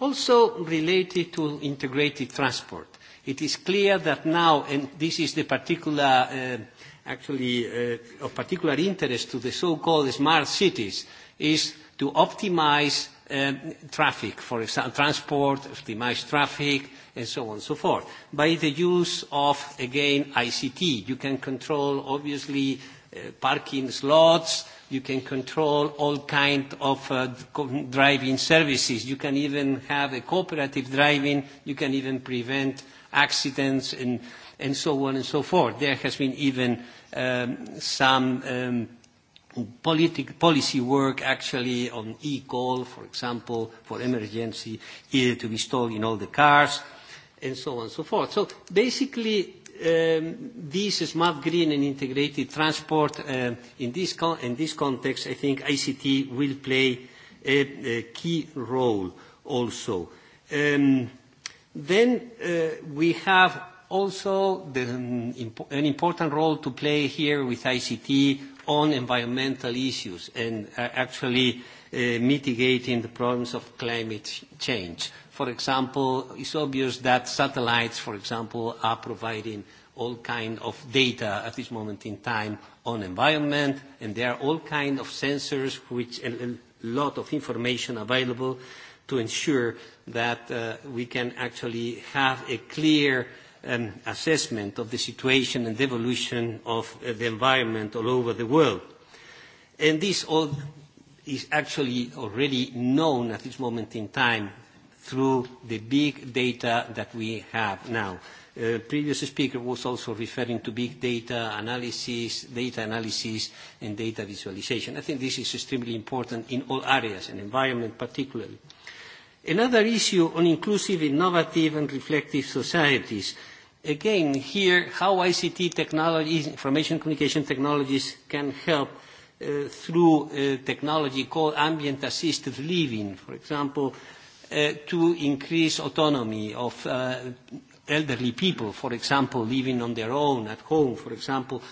Also related to integrated transport, it is clear that now, and this is the particular uh, actually uh, of particular interest to the so-called smart cities is to optimize um, traffic, for example, transport, optimize traffic, and so on and so forth. By the use of, again, ICT, you can control, obviously, uh, parking slots, You can control all kind of uh, driving services. You can even have a cooperative driving. You can even prevent accidents and, and so on and so forth. There has been even um, some um, politic, policy work actually on e-call, for example, for emergency, to be installed in all the cars, and so on and so forth. So basically, um, this smart green and integrated transport uh, in, this con in this context, I think ICT will play a, a key role also. Um, then uh, we have also the, um, imp an important role to play here with ICT on environmental issues and uh, actually uh, mitigating the problems of climate change for example, it's obvious that satellites, for example, are providing all kind of data at this moment in time on environment, and there are all kind of sensors which a lot of information available to ensure that uh, we can actually have a clear um, assessment of the situation and evolution of uh, the environment all over the world. And this all is actually already known at this moment in time through the big data that we have now. Uh, previous speaker was also referring to big data analysis, data analysis, and data visualization. I think this is extremely important in all areas, and environment particularly. Another issue on inclusive, innovative, and reflective societies. Again, here, how ICT technologies, information communication technologies can help uh, through uh, technology called ambient-assisted living. For example, uh, to increase autonomy of uh, elderly people, for example, living on their own at home, for example.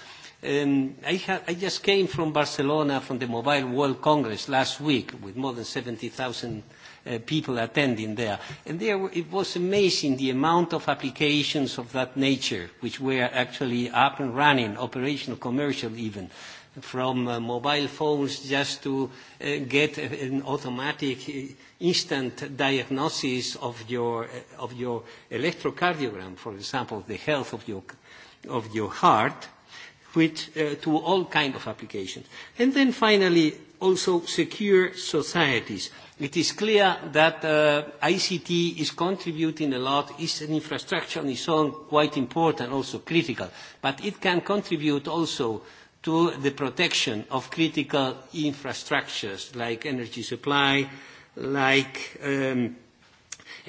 Um, I, ha- I just came from Barcelona from the Mobile World Congress last week with more than 70,000 uh, people attending there. And there it was amazing the amount of applications of that nature, which were actually up and running, operational, commercial even. Uh, from uh, mobile phones just to uh, get an automatic uh, instant diagnosis of your, uh, of your electrocardiogram, for example, the health of your, of your heart, which, uh, to all kinds of applications. And then finally, also secure societies. It is clear that uh, ICT is contributing a lot. Its an infrastructure on its own quite important, also critical. But it can contribute also to the protection of critical infrastructures like energy supply, like um,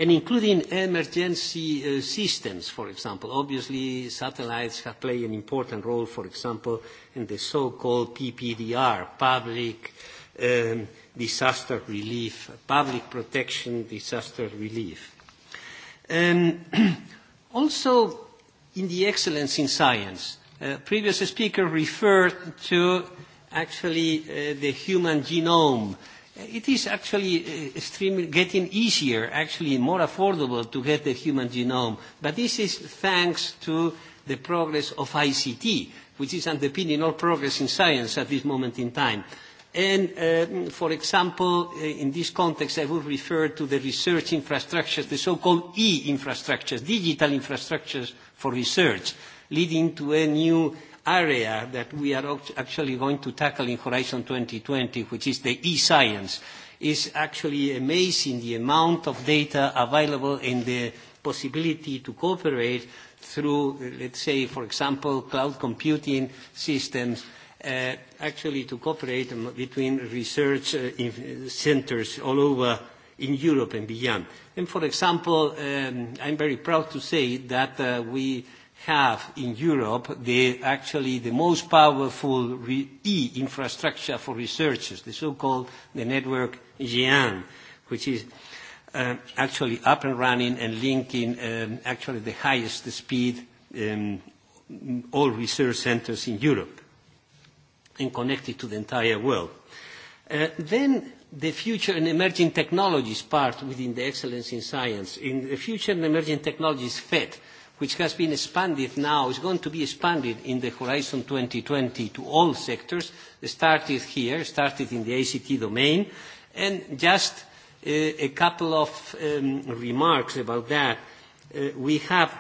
and including emergency uh, systems, for example. Obviously, satellites have play an important role, for example, in the so-called PPDR, public um, disaster relief, public protection disaster relief. Um, and also, in the excellence in science, Uh, previous speaker referred to actually uh, the human genome. Uh, it is actually uh, extremely getting easier, actually more affordable to get the human genome. But this is thanks to the progress of ICT, which is underpinning all progress in science at this moment in time. And uh, for example, uh, in this context, I would refer to the research infrastructures, the so-called e-infrastructures, digital infrastructures for research leading to a new area that we are actually going to tackle in Horizon 2020, which is the e-science. It's actually amazing the amount of data available and the possibility to cooperate through, let's say, for example, cloud computing systems, uh, actually to cooperate between research uh, centers all over in Europe and beyond. And for example, um, I'm very proud to say that uh, we have in Europe the, actually the most powerful e-infrastructure e for researchers, the so-called the network GIAN, which is uh, actually up and running and linking um, actually the highest speed um, all research centers in Europe and connected to the entire world. Uh, then the future and emerging technologies part within the excellence in science. In the future and emerging technologies FED, which has been expanded now, is going to be expanded in the Horizon 2020 to all sectors, started here, started in the ACT domain. And just uh, a couple of um, remarks about that. Uh, we have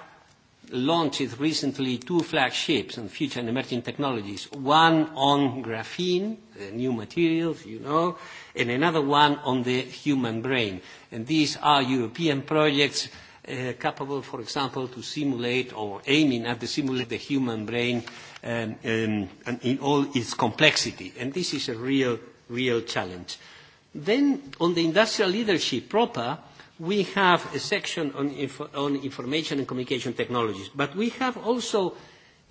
launched recently two flagships on future and emerging technologies, one on graphene, the new materials, you know, and another one on the human brain. And these are European projects Uh, capable, for example, to simulate or aiming at the simulate the human brain um, um, and in all its complexity. And this is a real, real challenge. Then on the industrial leadership proper, we have a section on, inf on information and communication technologies, but we have also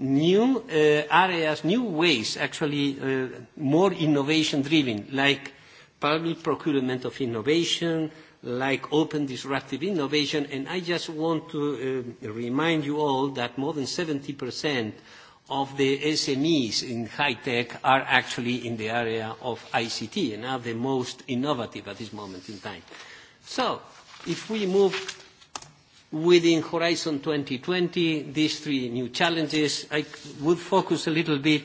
new uh, areas, new ways, actually uh, more innovation driven, like public procurement of innovation, like open disruptive innovation. And I just want to uh, remind you all that more than 70% of the SMEs in high tech are actually in the area of ICT and are the most innovative at this moment in time. So if we move within Horizon 2020, these three new challenges, I would focus a little bit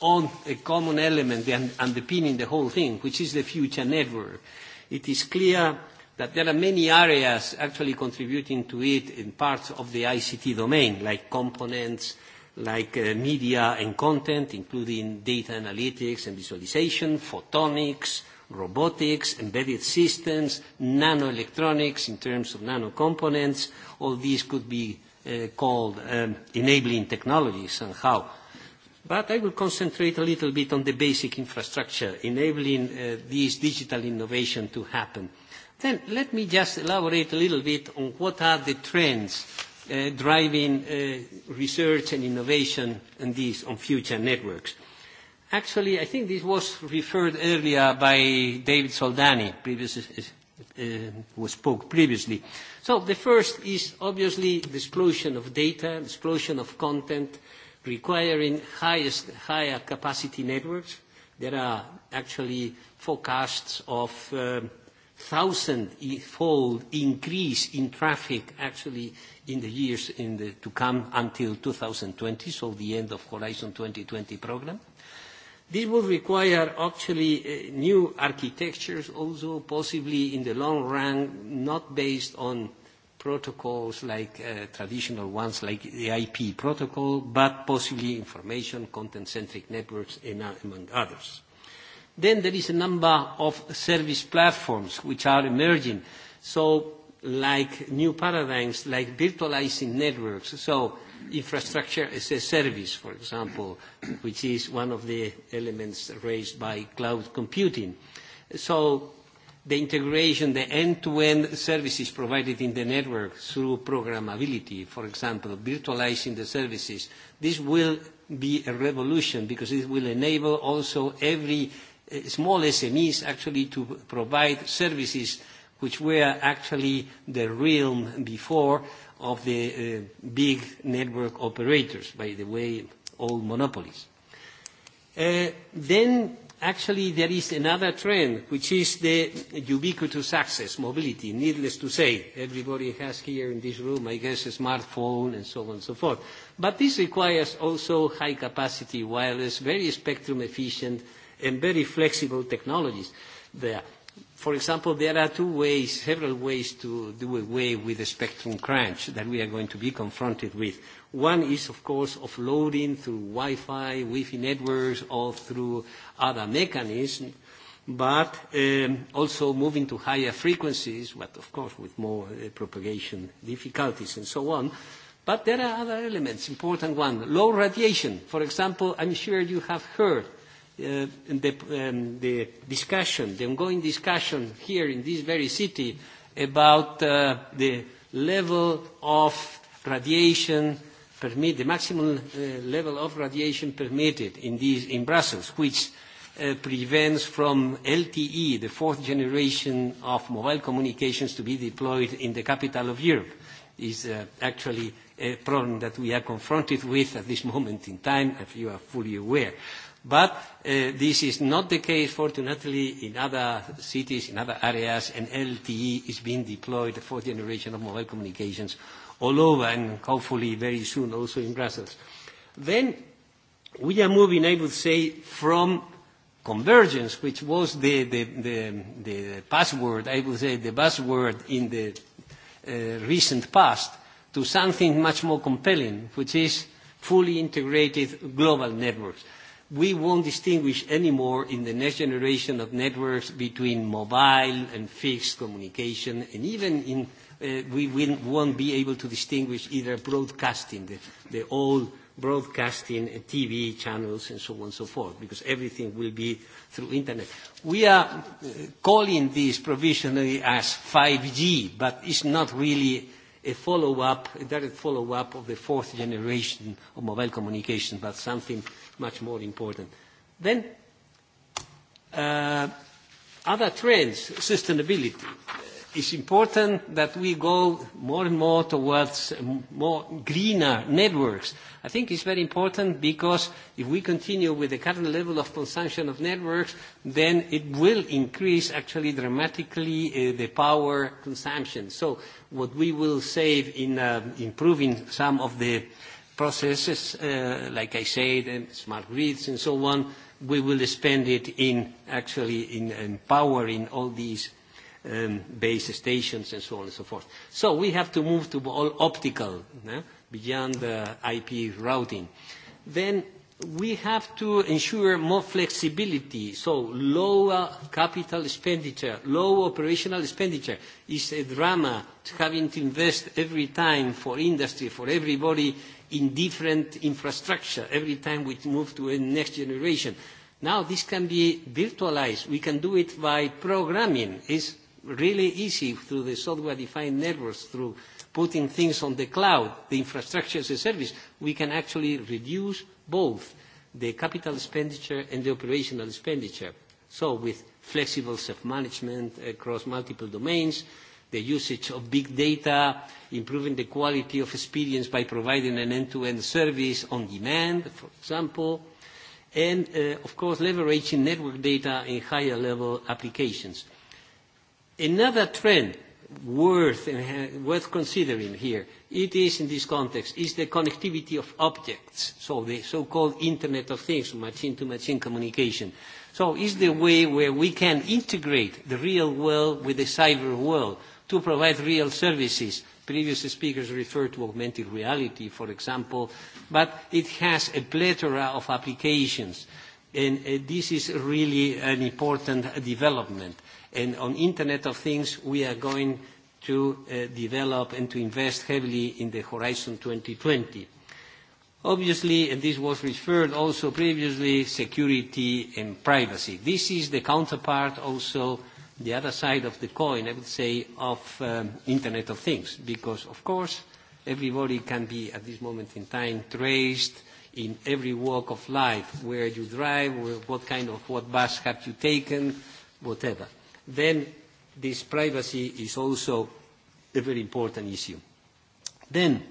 on a common element and underpinning the whole thing, which is the future network. It is clear that there are many areas actually contributing to it in parts of the ICT domain, like components, like uh, media and content, including data analytics and visualization, photonics, robotics, embedded systems, nanoelectronics in terms of nanocomponents. All these could be uh, called um, enabling technologies somehow. But I will concentrate a little bit on the basic infrastructure, enabling uh, these digital innovation to happen. Then let me just elaborate a little bit on what are the trends uh, driving uh, research and innovation in these, on future networks. Actually, I think this was referred earlier by David Soldani, previous, uh, uh who spoke previously. So the first is obviously the explosion of data, the explosion of content, requiring highest, higher capacity networks. There are actually forecasts of um, thousand-fold increase in traffic actually in the years in the, to come until 2020, so the end of Horizon 2020 program. This will require actually uh, new architectures also, possibly in the long run, not based on protocols like uh, traditional ones like the IP protocol, but possibly information content-centric networks among others. Then there is a number of service platforms which are emerging. So like new paradigms, like virtualizing networks. So infrastructure as a service, for example, which is one of the elements raised by cloud computing. So the integration, the end-to-end -end services provided in the network through programmability, for example, virtualizing the services, this will be a revolution because it will enable also every small SMEs actually to provide services which were actually the realm before of the uh, big network operators, by the way, all monopolies. Uh, then actually there is another trend, which is the ubiquitous access, mobility, needless to say. Everybody has here in this room, I guess, a smartphone and so on and so forth. But this requires also high capacity wireless, very spectrum efficient, and very flexible technologies there. For example, there are two ways, several ways to do away with the spectrum crunch that we are going to be confronted with. One is, of course, offloading through Wi-Fi, Wi-Fi networks, or through other mechanisms, but um, also moving to higher frequencies, but of course with more uh, propagation difficulties and so on. But there are other elements, important one. Low radiation, for example, I'm sure you have heard Uh, the, um, the discussion, the ongoing discussion here in this very city about uh, the level of radiation permit, the maximum uh, level of radiation permitted in, these, in Brussels, which uh, prevents from LTE, the fourth generation of mobile communications, to be deployed in the capital of Europe, is uh, actually a problem that we are confronted with at this moment in time, as you are fully aware. Uh, But uh, this is not the case, fortunately, in other cities, in other areas, and LTE is being deployed, the fourth generation of mobile communications, all over, and hopefully very soon also in Brussels. Then we are moving, I would say, from convergence, which was the, the, the, the password, I would say, the buzzword in the uh, recent past, to something much more compelling, which is fully integrated global networks we won't distinguish anymore in the next generation of networks between mobile and fixed communication, and even in, uh, we will, won't be able to distinguish either broadcasting, the, the old broadcasting uh, TV channels and so on and so forth, because everything will be through internet. We are uh, calling this provisionally as 5G, but it's not really a follow-up, a direct follow-up of the fourth generation of mobile communication, but something much more important. Then, uh, other trends, sustainability it's important that we go more and more towards um, more greener networks. I think it's very important because if we continue with the current level of consumption of networks, then it will increase actually dramatically uh, the power consumption. So what we will save in uh, improving some of the processes, uh, like I said, and um, smart grids and so on, we will spend it in actually in empowering all these um, base stations and so on and so forth. So we have to move to all optical, yeah, beyond the IP routing. Then we have to ensure more flexibility, so lower capital expenditure, low operational expenditure. It's a drama to having to invest every time for industry, for everybody, in different infrastructure, every time we move to a next generation. Now this can be virtualized. We can do it by programming. It's really easy through the software-defined networks, through putting things on the cloud, the infrastructure as a service, we can actually reduce both the capital expenditure and the operational expenditure. So with flexible self-management across multiple domains, the usage of big data, improving the quality of experience by providing an end-to-end -end service on demand, for example, and uh, of course leveraging network data in higher level applications. Another trend worth, uh, worth considering here, it is in this context, is the connectivity of objects, so the so-called Internet of Things, machine-to-machine -machine communication. So is the way where we can integrate the real world with the cyber world to provide real services. Previous speakers referred to augmented reality, for example, but it has a plethora of applications, and uh, this is really an important development. And on Internet of Things, we are going to uh, develop and to invest heavily in the Horizon 2020. Obviously, and this was referred also previously, security and privacy. This is the counterpart also, the other side of the coin, I would say, of um, Internet of Things, because of course, everybody can be, at this moment in time, traced in every walk of life, where you drive, what kind of, what bus have you taken, whatever then this privacy is also a very important issue. Then,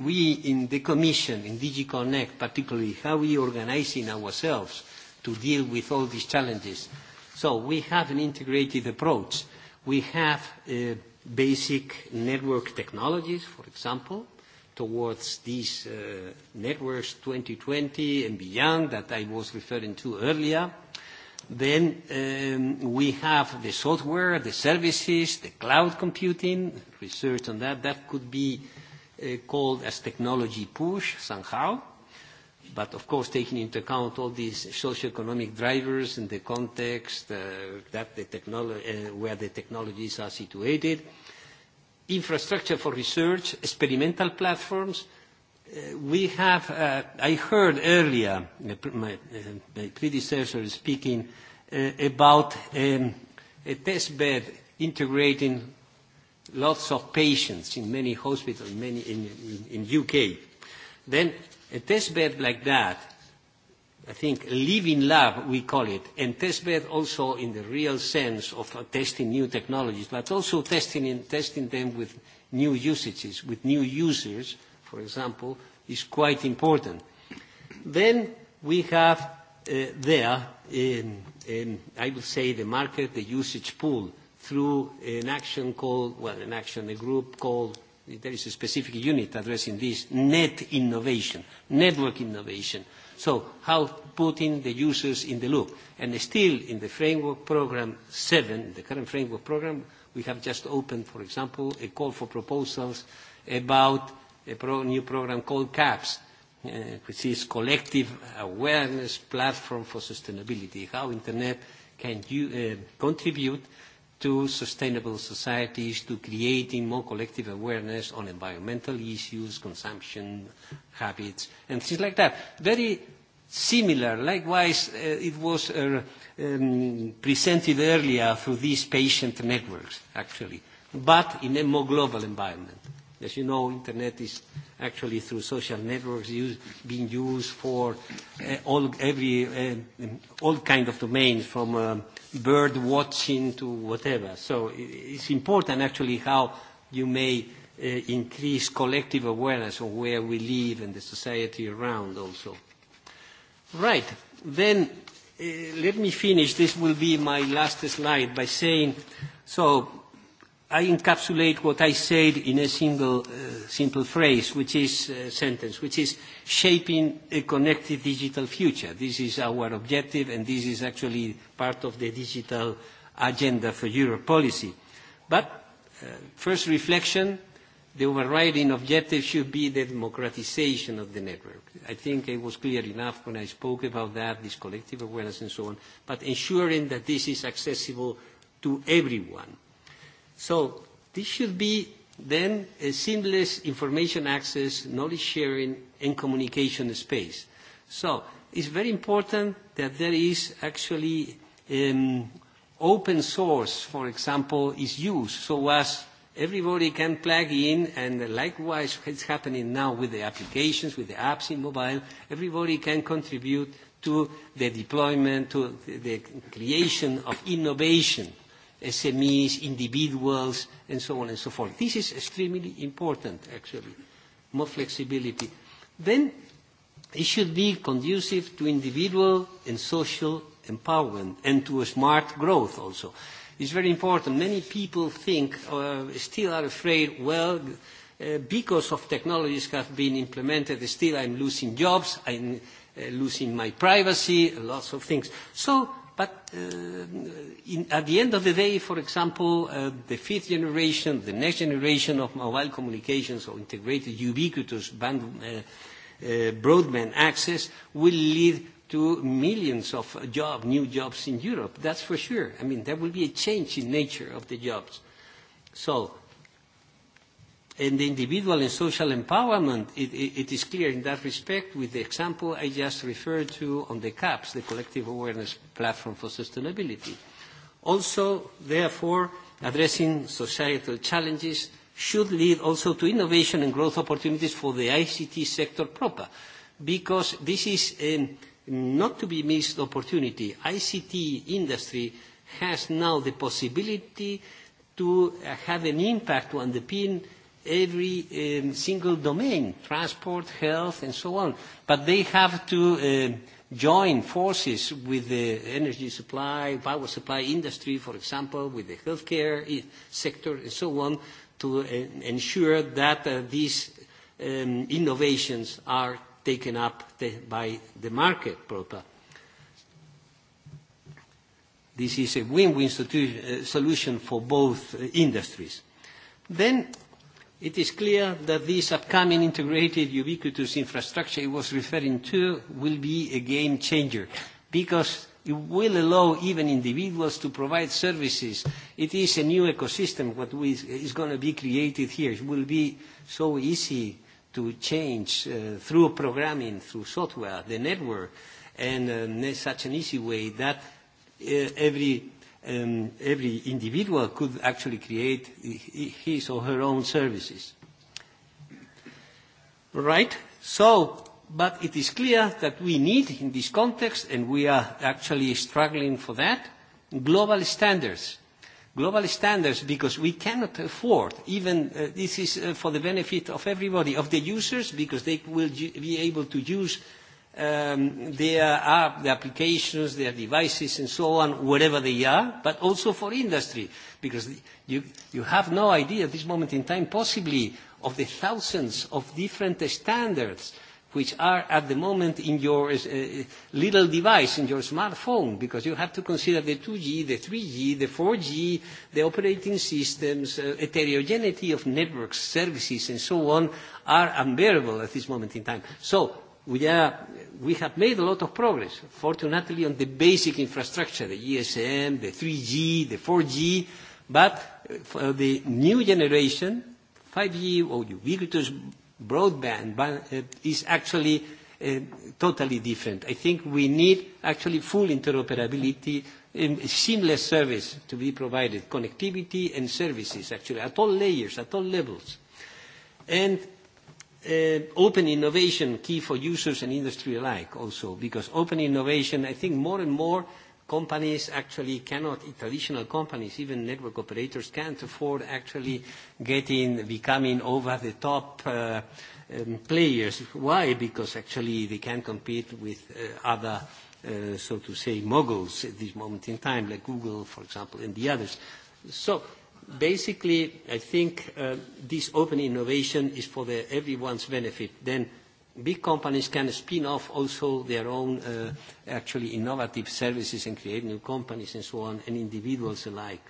we in the Commission, in DigiConnect particularly, how we organizing ourselves to deal with all these challenges. So we have an integrated approach. We have uh, basic network technologies, for example, towards these uh, networks 2020 and beyond that I was referring to earlier. Then um, we have the software, the services, the cloud computing, research on that. That could be uh, called as technology push somehow. But of course, taking into account all these socioeconomic drivers and the context uh, uh, where the technologies are situated, infrastructure for research, experimental platforms, Uh, we have, uh, I heard earlier uh, my, uh, my predecessor speaking uh, about um, a test bed integrating lots of patients in many hospitals, many in, in, in UK. Then a test bed like that, I think living lab we call it, and test bed also in the real sense of testing new technologies, but also testing, in, testing them with new usages, with new users, for example, is quite important. Then we have uh, there, in, in, I would say, the market, the usage pool, through an action called, well, an action, a group called, there is a specific unit addressing this, net innovation, network innovation. So how putting the users in the loop. And still in the framework program 7, the current framework program, we have just opened, for example, a call for proposals about a pro new program called CAPS, uh, which is Collective Awareness Platform for Sustainability, how Internet can you, uh, contribute to sustainable societies, to creating more collective awareness on environmental issues, consumption habits, and things like that. Very similar. Likewise, uh, it was uh, um, presented earlier through these patient networks, actually, but in a more global environment. As you know, internet is actually through social networks use, being used for uh, all, every, uh, all kind of domains, from uh, bird watching to whatever. So it's important actually how you may uh, increase collective awareness of where we live and the society around also. Right, then uh, let me finish. This will be my last slide by saying, so i encapsulate what I said in a single uh, simple phrase, which is uh, sentence, which is shaping a connected digital future. This is our objective, and this is actually part of the digital agenda for Europe policy. But uh, first reflection, the overriding objective should be the democratization of the network. I think I was clear enough when I spoke about that, this collective awareness and so on, but ensuring that this is accessible to everyone So this should be then a seamless information access, knowledge sharing, and communication space. So it's very important that there is actually um, open source, for example, is used so as everybody can plug in, and likewise it's happening now with the applications, with the apps in mobile, everybody can contribute to the deployment, to the creation of innovation SMEs, individuals, and so on and so forth. This is extremely important, actually, more flexibility. Then it should be conducive to individual and social empowerment and to a smart growth also. It's very important. Many people think, uh, still are afraid, well, uh, because of technologies have been implemented, still I'm losing jobs, I'm uh, losing my privacy, lots of things. So But uh, in, at the end of the day, for example, uh, the fifth generation, the next generation of mobile communications or integrated ubiquitous band, uh, uh, broadband access will lead to millions of job, new jobs in Europe. That's for sure. I mean, there will be a change in nature of the jobs. So and the individual and social empowerment, it, it, it is clear in that respect with the example I just referred to on the CAPS, the Collective Awareness Platform for Sustainability. Also, therefore, addressing societal challenges should lead also to innovation and growth opportunities for the ICT sector proper, because this is a not to be missed opportunity. ICT industry has now the possibility to have an impact to underpin every um, single domain, transport, health, and so on. But they have to uh, join forces with the energy supply, power supply industry, for example, with the healthcare eh, sector, and so on, to uh, ensure that uh, these um, innovations are taken up the, by the market proper. This is a win-win uh, solution for both uh, industries. Then It is clear that this upcoming integrated ubiquitous infrastructure it was referring to will be a game changer because it will allow even individuals to provide services. It is a new ecosystem what we, is going to be created here. It will be so easy to change uh, through programming, through software, the network, and uh, in such an easy way that uh, every um, every individual could actually create his or her own services. Right? So, but it is clear that we need in this context, and we are actually struggling for that, global standards. Global standards because we cannot afford, even uh, this is uh, for the benefit of everybody, of the users, because they will be able to use um, their app, their applications, their devices, and so on, wherever they are, but also for industry, because you, you have no idea at this moment in time, possibly, of the thousands of different standards which are at the moment in your uh, little device, in your smartphone, because you have to consider the 2G, the 3G, the 4G, the operating systems, uh, heterogeneity of networks, services, and so on, are unbearable at this moment in time. So we, are, we have made a lot of progress, fortunately, on the basic infrastructure, the ESM, the 3G, the 4G, but uh, for the new generation, 5G or ubiquitous broadband uh, is actually uh, totally different. I think we need actually full interoperability, um, seamless service to be provided, connectivity and services actually at all layers, at all levels. And Uh, open innovation key for users and industry alike also, because open innovation, I think more and more companies actually cannot, traditional companies, even network operators, can't afford actually getting, becoming over the top uh, um, players. Why? Because actually they can't compete with uh, other, uh, so to say, moguls at this moment in time, like Google, for example, and the others. So basically, I think uh, this open innovation is for the, everyone's benefit. Then big companies can spin off also their own uh, actually innovative services and create new companies and so on, and individuals alike.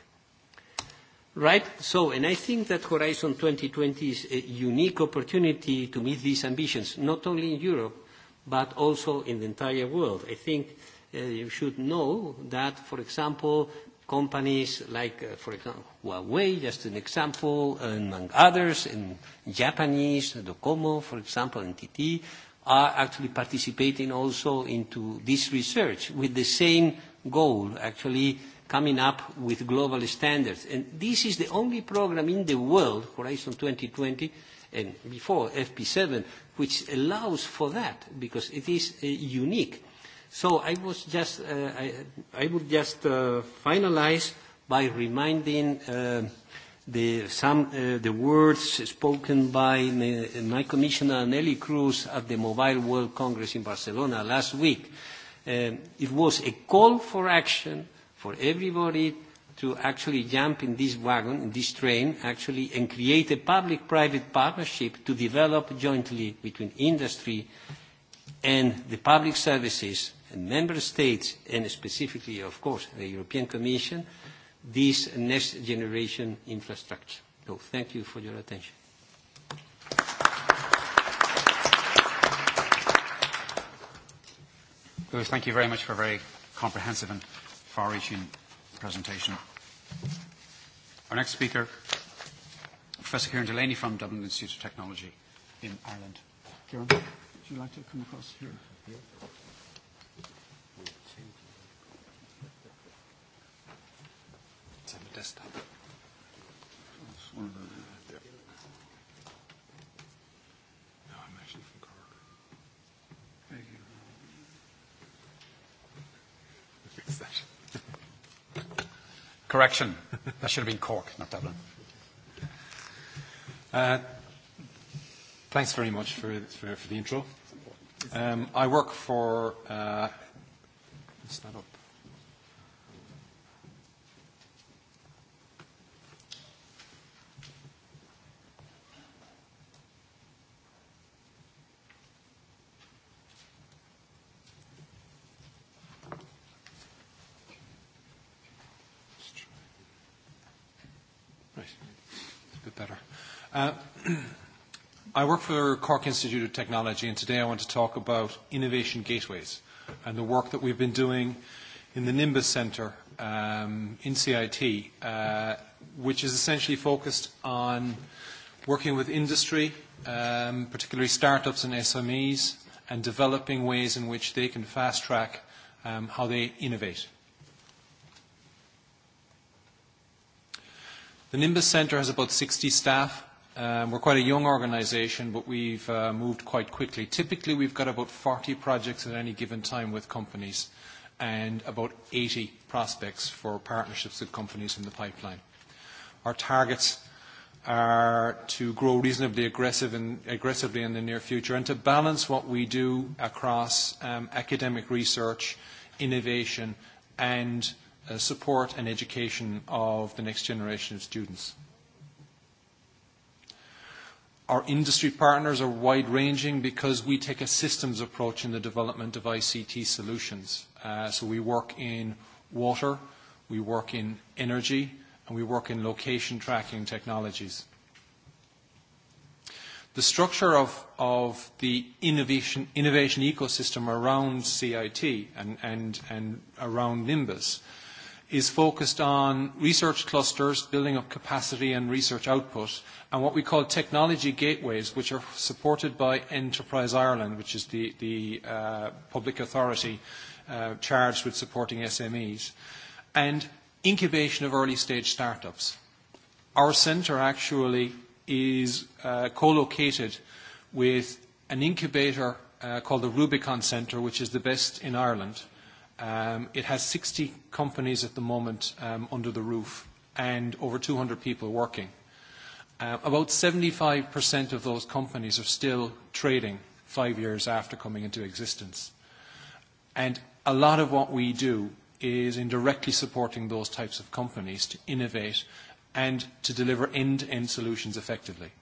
Right? So, and I think that Horizon 2020 is a unique opportunity to meet these ambitions, not only in Europe, but also in the entire world. I think uh, you should know that, for example, companies like, uh, for example, Huawei, just an example, among others, and Japanese, Docomo, for example, and NTT, are actually participating also into this research with the same goal, actually coming up with global standards. And this is the only program in the world, Horizon 2020, and before FP7, which allows for that because it is uh, unique So I was just, uh, I, I would just uh, finalize by reminding uh, the, some, uh, the words spoken by my, my commissioner Nelly Cruz at the Mobile World Congress in Barcelona last week. Um, it was a call for action for everybody to actually jump in this wagon, in this train, actually, and create a public-private partnership to develop jointly between industry and the public services member states, and specifically, of course, the European Commission, this next generation infrastructure. So thank you for your attention. Louis, thank you very much for a very comprehensive and far-reaching presentation. Our next speaker, Professor Kieran Delaney from Dublin Institute of Technology in Ireland. Kieran, would you like to come across here? Yeah. testa. Correction. That should have been Cork, not Dublin. Uh, thanks very much for, for, for the intro. Um, I work for. Uh, it's up. Uh, I work for Cork Institute of Technology, and today I want to talk about innovation gateways and the work that we've been doing in the Nimbus Centre um, in CIT, uh, which is essentially focused on working with industry, um, particularly startups and SMEs, and developing ways in which they can fast track um, how they innovate. The Nimbus Centre has about 60 staff Um, we're quite a young organization, but we've uh, moved quite quickly. Typically, we've got about 40 projects at any given time with companies and about 80 prospects for partnerships with companies in the pipeline. Our targets are to grow reasonably aggressive in, aggressively in the near future and to balance what we do across um, academic research, innovation, and uh, support and education of the next generation of students. Our industry partners are wide-ranging because we take a systems approach in the development of ICT solutions. Uh, so we work in water, we work in energy, and we work in location tracking technologies. The structure of, of the innovation, innovation ecosystem around CIT and, and, and around Nimbus is focused on research clusters, building up capacity and research output, and what we call technology gateways, which are supported by Enterprise Ireland, which is the, uh, public authority uh, charged with supporting SMEs, and incubation of early stage startups. Our center actually is uh, co-located with an incubator called the Rubicon Centre, which is the best in Ireland, Um, it has 60 companies at the moment um, under the roof and over 200 people working. Uh, about 75% of those companies are still trading five years after coming into existence. And a lot of what we do is in directly supporting those types of companies to innovate and to deliver end to -end solutions effectively.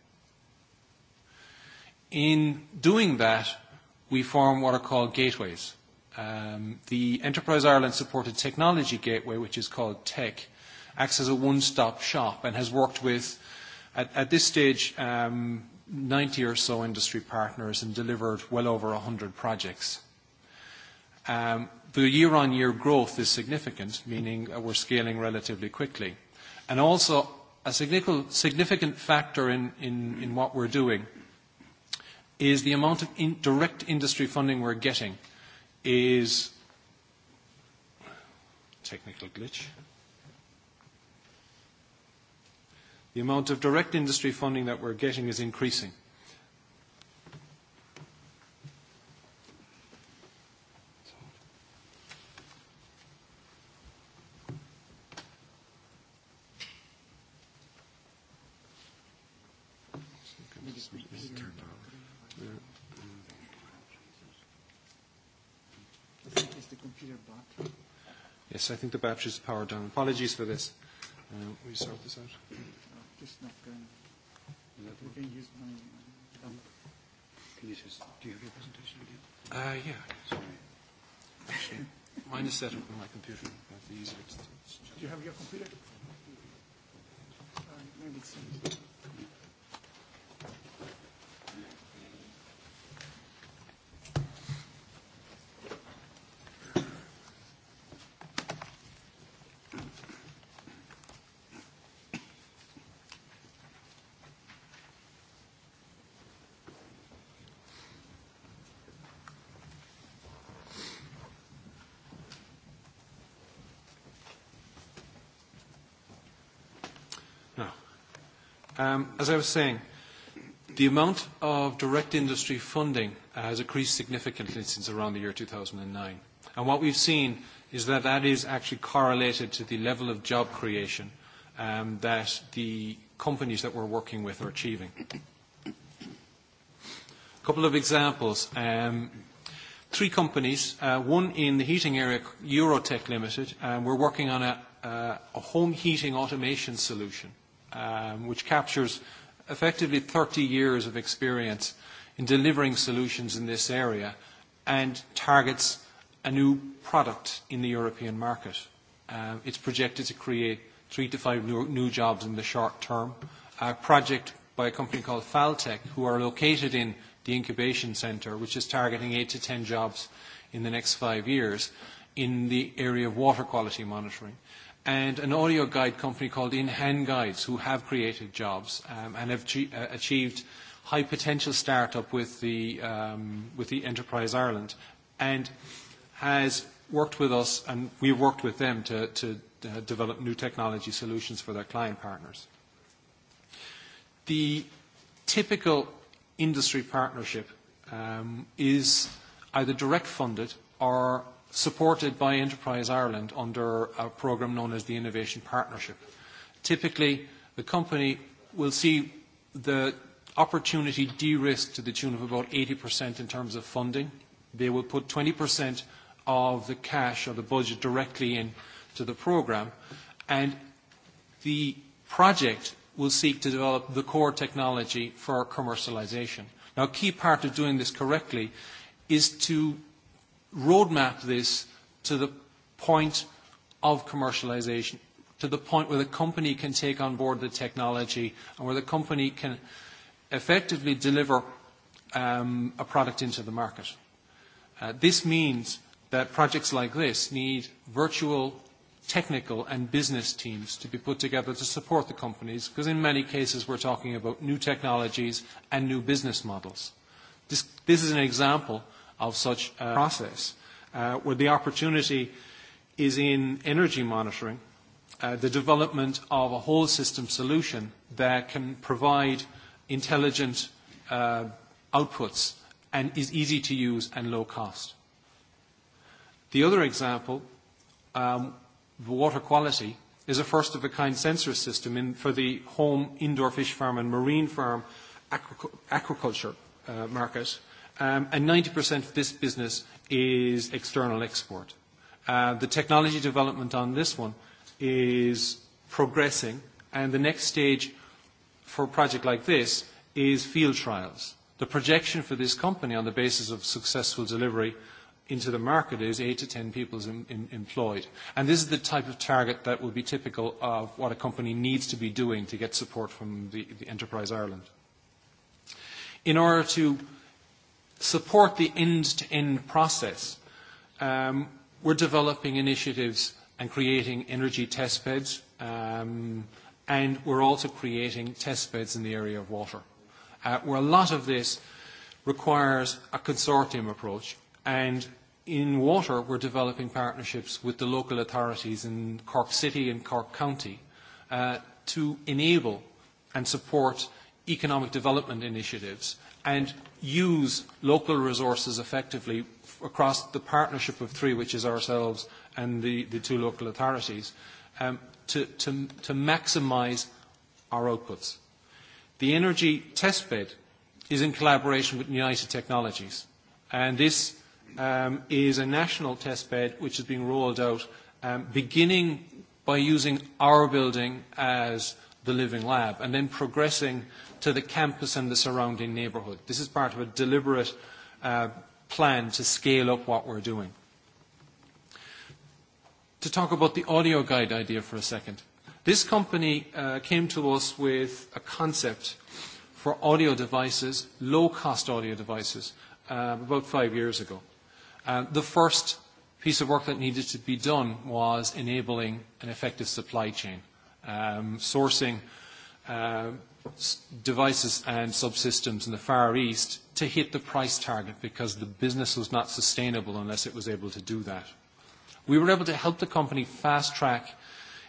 In doing that, we form what are called gateways. Um, the Enterprise Ireland supported technology gateway, which is called TECH, acts as a one-stop shop and has worked with, at, at this stage, um, 90 or so industry partners and delivered well over 100 projects. Um, the year-on-year growth is significant, meaning uh, we're scaling relatively quickly. And also, a significant factor in, in, in what we're doing is the amount of in direct industry funding we're getting – is technical glitch. The amount of direct industry funding that we're getting is increasing. batteries. I think the batteries are powered down. Apologies for this. Uh, we sort this out. Just not going. We can use my. Um, can you just do you have your presentation again? Uh, yeah. Sorry. Actually, mine is set up on my computer. That's the easier. Do you have your computer? Uh, maybe it's. Um, as I was saying, the amount of direct industry funding has increased significantly since around the year 2009. And what we've seen is that that is actually correlated to the level of job creation um, that the companies that we're working with are achieving. A couple of examples. Um, three companies, uh, one in the heating area, Eurotech Limited. and we're working on a, uh, a home heating automation solution. Um, which captures effectively 30 years of experience in delivering solutions in this area and targets a new product in the European market. Uh, it's projected to create three to five new, new jobs in the short term. A project by a company called Faltech, who are located in the incubation center, which is targeting eight to 10 jobs in the next five years in the area of water quality monitoring and an audio guide company called In Hand Guides, who have created jobs um, and have uh, achieved high potential startup with the um, with the Enterprise Ireland, and has worked with us, and we've worked with them to, to uh, develop new technology solutions for their client partners. The typical industry partnership um, is either direct funded or supported by Enterprise Ireland under a programme known as the Innovation Partnership. Typically, the company will see the opportunity de-risked to the tune of about 80% in terms of funding. They will put 20% of the cash or the budget directly into the programme, and the project will seek to develop the core technology for commercialisation. Now, a key part of doing this correctly is to roadmap this to the point of commercialization, to the point where the company can take on board the technology and where the company can effectively deliver um, a product into the market. Uh, this means that projects like this need virtual technical and business teams to be put together to support the companies, because in many cases we're talking about new technologies and new business models. This, this is an example of such a uh, process, uh, where the opportunity is in energy monitoring, uh, the development of a whole system solution that can provide intelligent uh, outputs and is easy to use and low cost. The other example, um, water quality, is a first of a kind sensor system in, for the home indoor fish farm and marine farm aquaculture uh, market Um, and 90% of this business is external export. Uh, the technology development on this one is progressing, and the next stage for a project like this is field trials. The projection for this company on the basis of successful delivery into the market is 8 to 10 people employed. And this is the type of target that would be typical of what a company needs to be doing to get support from the Enterprise Ireland. In order to support the end-to-end -end process. Um, we're developing initiatives and creating energy test beds, um, and we're also creating test beds in the area of water, uh, where a lot of this requires a consortium approach. And in water, we're developing partnerships with the local authorities in Cork City and Cork County uh, to enable and support economic development initiatives and use local resources effectively across the partnership of three, which is ourselves and the, the two local authorities, um, to, to, to maximise our outputs. The energy testbed is in collaboration with United Technologies, and this um, is a national testbed which is being rolled out, um, beginning by using our building as the living lab and then progressing to the campus and the surrounding neighbourhood. This is part of a deliberate uh, plan to scale up what we're doing. To talk about the audio guide idea for a second. This company uh, came to us with a concept for audio devices, low-cost audio devices, uh, about five years ago. Uh, the first piece of work that needed to be done was enabling an effective supply chain. Um, sourcing uh, devices and subsystems in the Far East to hit the price target because the business was not sustainable unless it was able to do that. We were able to help the company fast track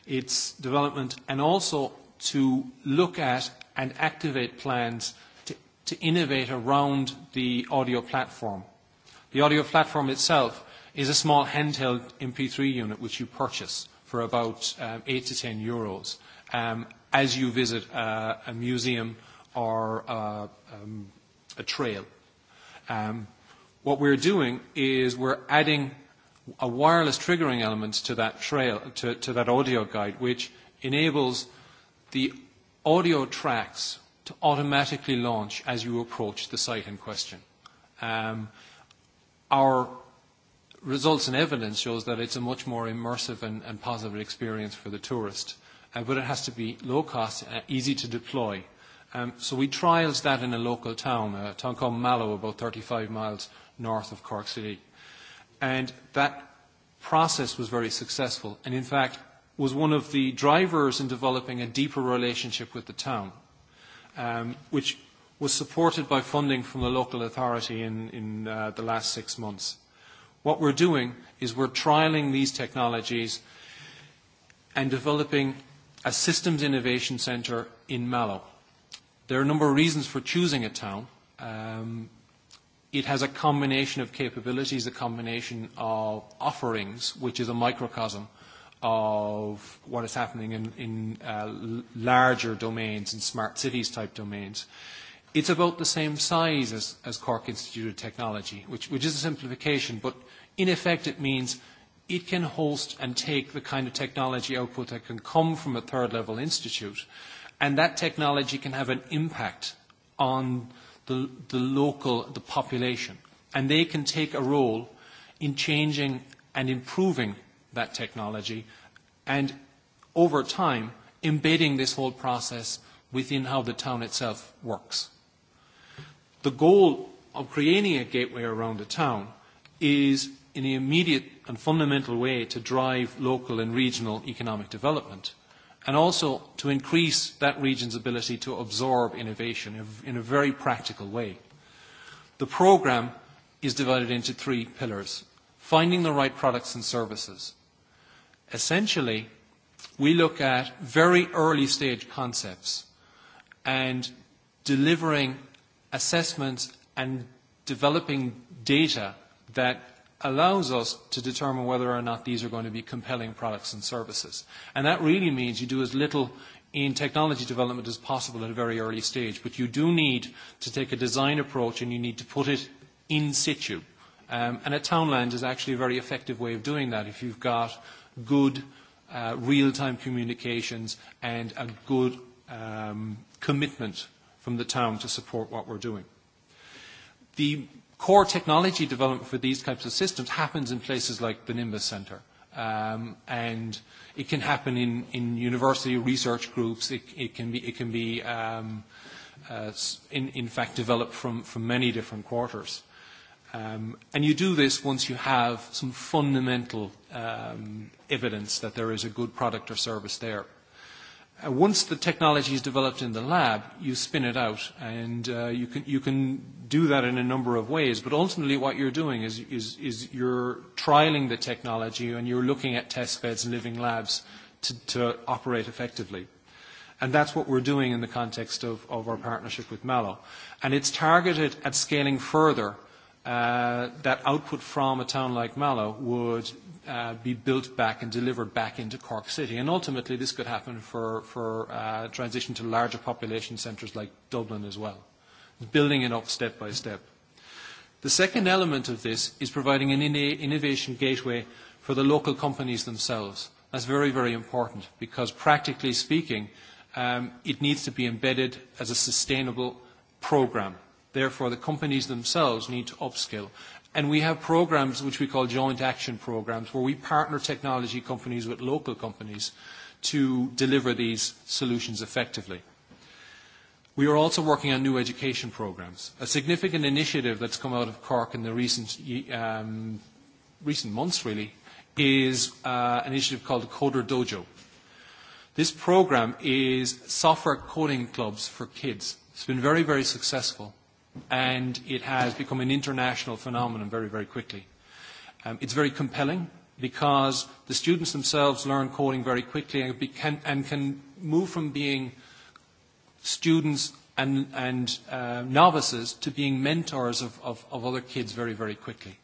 its development and also to look at and activate plans to, to innovate around the audio platform. The audio platform itself is a small handheld MP3 unit which you purchase for about um, 8 to 10 euros um, as you visit a, a museum or a, uh, um, a trail. Um, what we're doing is we're adding a wireless triggering element to that trail, to, to that audio guide, which enables the audio tracks to automatically launch as you approach the site in question. Um, our results and evidence shows that it's a much more immersive and, and positive experience for the tourist. Uh, but it has to be low cost, uh, easy to deploy. Um, so we trialled that in a local town, a town called Mallow, about 35 miles north of Cork City. And that process was very successful, and in fact was one of the drivers in developing a deeper relationship with the town, um, which was supported by funding from the local authority in, in uh, the last six months. What we're doing is we're trialing these technologies and developing a systems innovation centre in Mallow. There are a number of reasons for choosing a town. Um, it has a combination of capabilities, a combination of offerings, which is a microcosm of what is happening in, in uh, larger domains and smart cities type domains. It's about the same size as, as Cork Institute of Technology, which, which is a simplification, but In effect, it means it can host and take the kind of technology output that can come from a third level institute, and that technology can have an impact on the, the local, the population. And they can take a role in changing and improving that technology and over time embedding this whole process within how the town itself works. The goal of creating a gateway around the town is in an immediate and fundamental way to drive local and regional economic development and also to increase that region's ability to absorb innovation in a very practical way. The programme is divided into three pillars. Finding the right products and services. Essentially, we look at very early stage concepts and delivering assessments and developing data that allows us to determine whether or not these are going to be compelling products and services. And that really means you do as little in technology development as possible at a very early stage, but you do need to take a design approach and you need to put it in situ. Um, and a townland is actually a very effective way of doing that if you've got good uh, real-time communications and a good um, commitment from the town to support what we're doing. The core technology development for these types of systems happens in places like the Nimbus Centre. Um, and it can happen in, in university research groups. It, it can be, it can be um, uh, in, in fact, developed from, from many different quarters. Um, and you do this once you have some fundamental um, evidence that there is a good product or service there. Uh, once the technology is developed in the lab, you spin it out, and uh, you can you can do that in a number of ways. But ultimately, what you're doing is is is you're trialing the technology, and you're looking at test beds and living labs to, to operate effectively. And that's what we're doing in the context of, of our partnership with Mallow. And it's targeted at scaling further Uh, that output from a town like Mallow would uh, be built back and delivered back into Cork City. And ultimately, this could happen for, for uh, transition to larger population centres like Dublin as well, building it up step by step. The second element of this is providing an innovation gateway for the local companies themselves. That's very, very important because practically speaking, um, it needs to be embedded as a sustainable programme Therefore, the companies themselves need to upskill. And we have programs which we call joint action programs, where we partner technology companies with local companies to deliver these solutions effectively. We are also working on new education programs. A significant initiative that's come out of Cork in the recent, um, recent months, really, is uh, an initiative called Coder Dojo. This program is software coding clubs for kids. It's been very, very successful and it has become an international phenomenon very, very quickly. Um, it's very compelling because the students themselves learn coding very quickly and, be, can, and can move from being students and, and uh, novices to being mentors of, of, of other kids very, very quickly.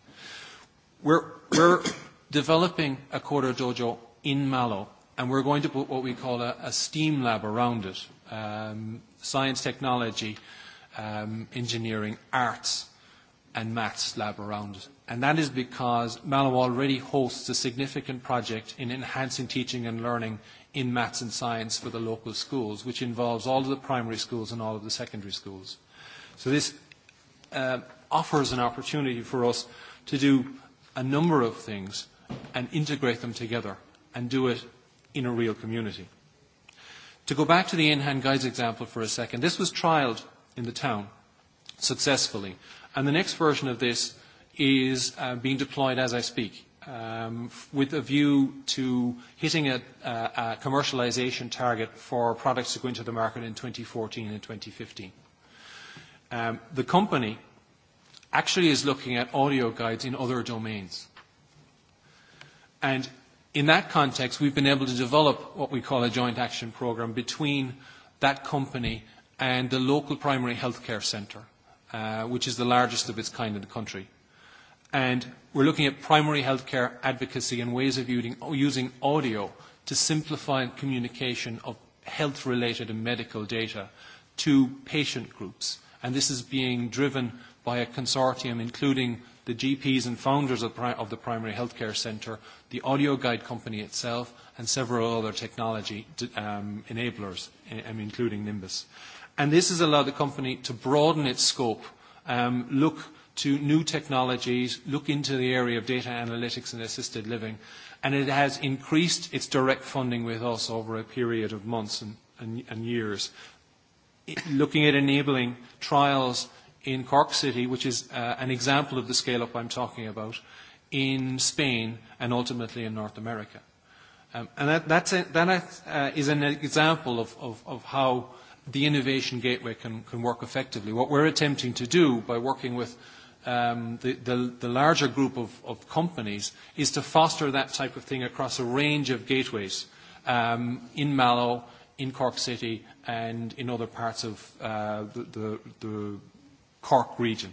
We're, we're developing a Coder Dojo in Mallow, and we're going to put what we call a, a STEAM lab around it, um, science, technology, um, engineering, arts, and maths lab around it. And that is because Mallow already hosts a significant project in enhancing teaching and learning in maths and science for the local schools, which involves all of the primary schools and all of the secondary schools. So this uh, offers an opportunity for us to do a number of things and integrate them together and do it in a real community. To go back to the in-hand guides example for a second, this was trialed in the town successfully. And the next version of this is uh, being deployed as I speak um, with a view to hitting a, a, uh, a commercialization target for products to go into the market in 2014 and 2015. Um, the company actually is looking at audio guides in other domains. And in that context, we've been able to develop what we call a joint action program between that company and the local primary health care centre, uh, which is the largest of its kind in the country. And we're looking at primary health care advocacy and ways of using, using audio to simplify communication of health-related and medical data to patient groups. And this is being driven by a consortium including the GPs and founders of, of the primary health care centre, the audio guide company itself, and several other technology um, enablers, um, including Nimbus. And this has allowed the company to broaden its scope, um, look to new technologies, look into the area of data analytics and assisted living, and it has increased its direct funding with us over a period of months and, and, and years. It, looking at enabling trials in Cork City, which is uh, an example of the scale-up I'm talking about, in Spain, and ultimately in North America. Um, and that, that's a, that uh, is an example of, of, of how the innovation gateway can, can work effectively. What we're attempting to do by working with um, the, the, the larger group of, of companies is to foster that type of thing across a range of gateways um, in Mallow, in Cork City, and in other parts of uh, the, the, the Cork region.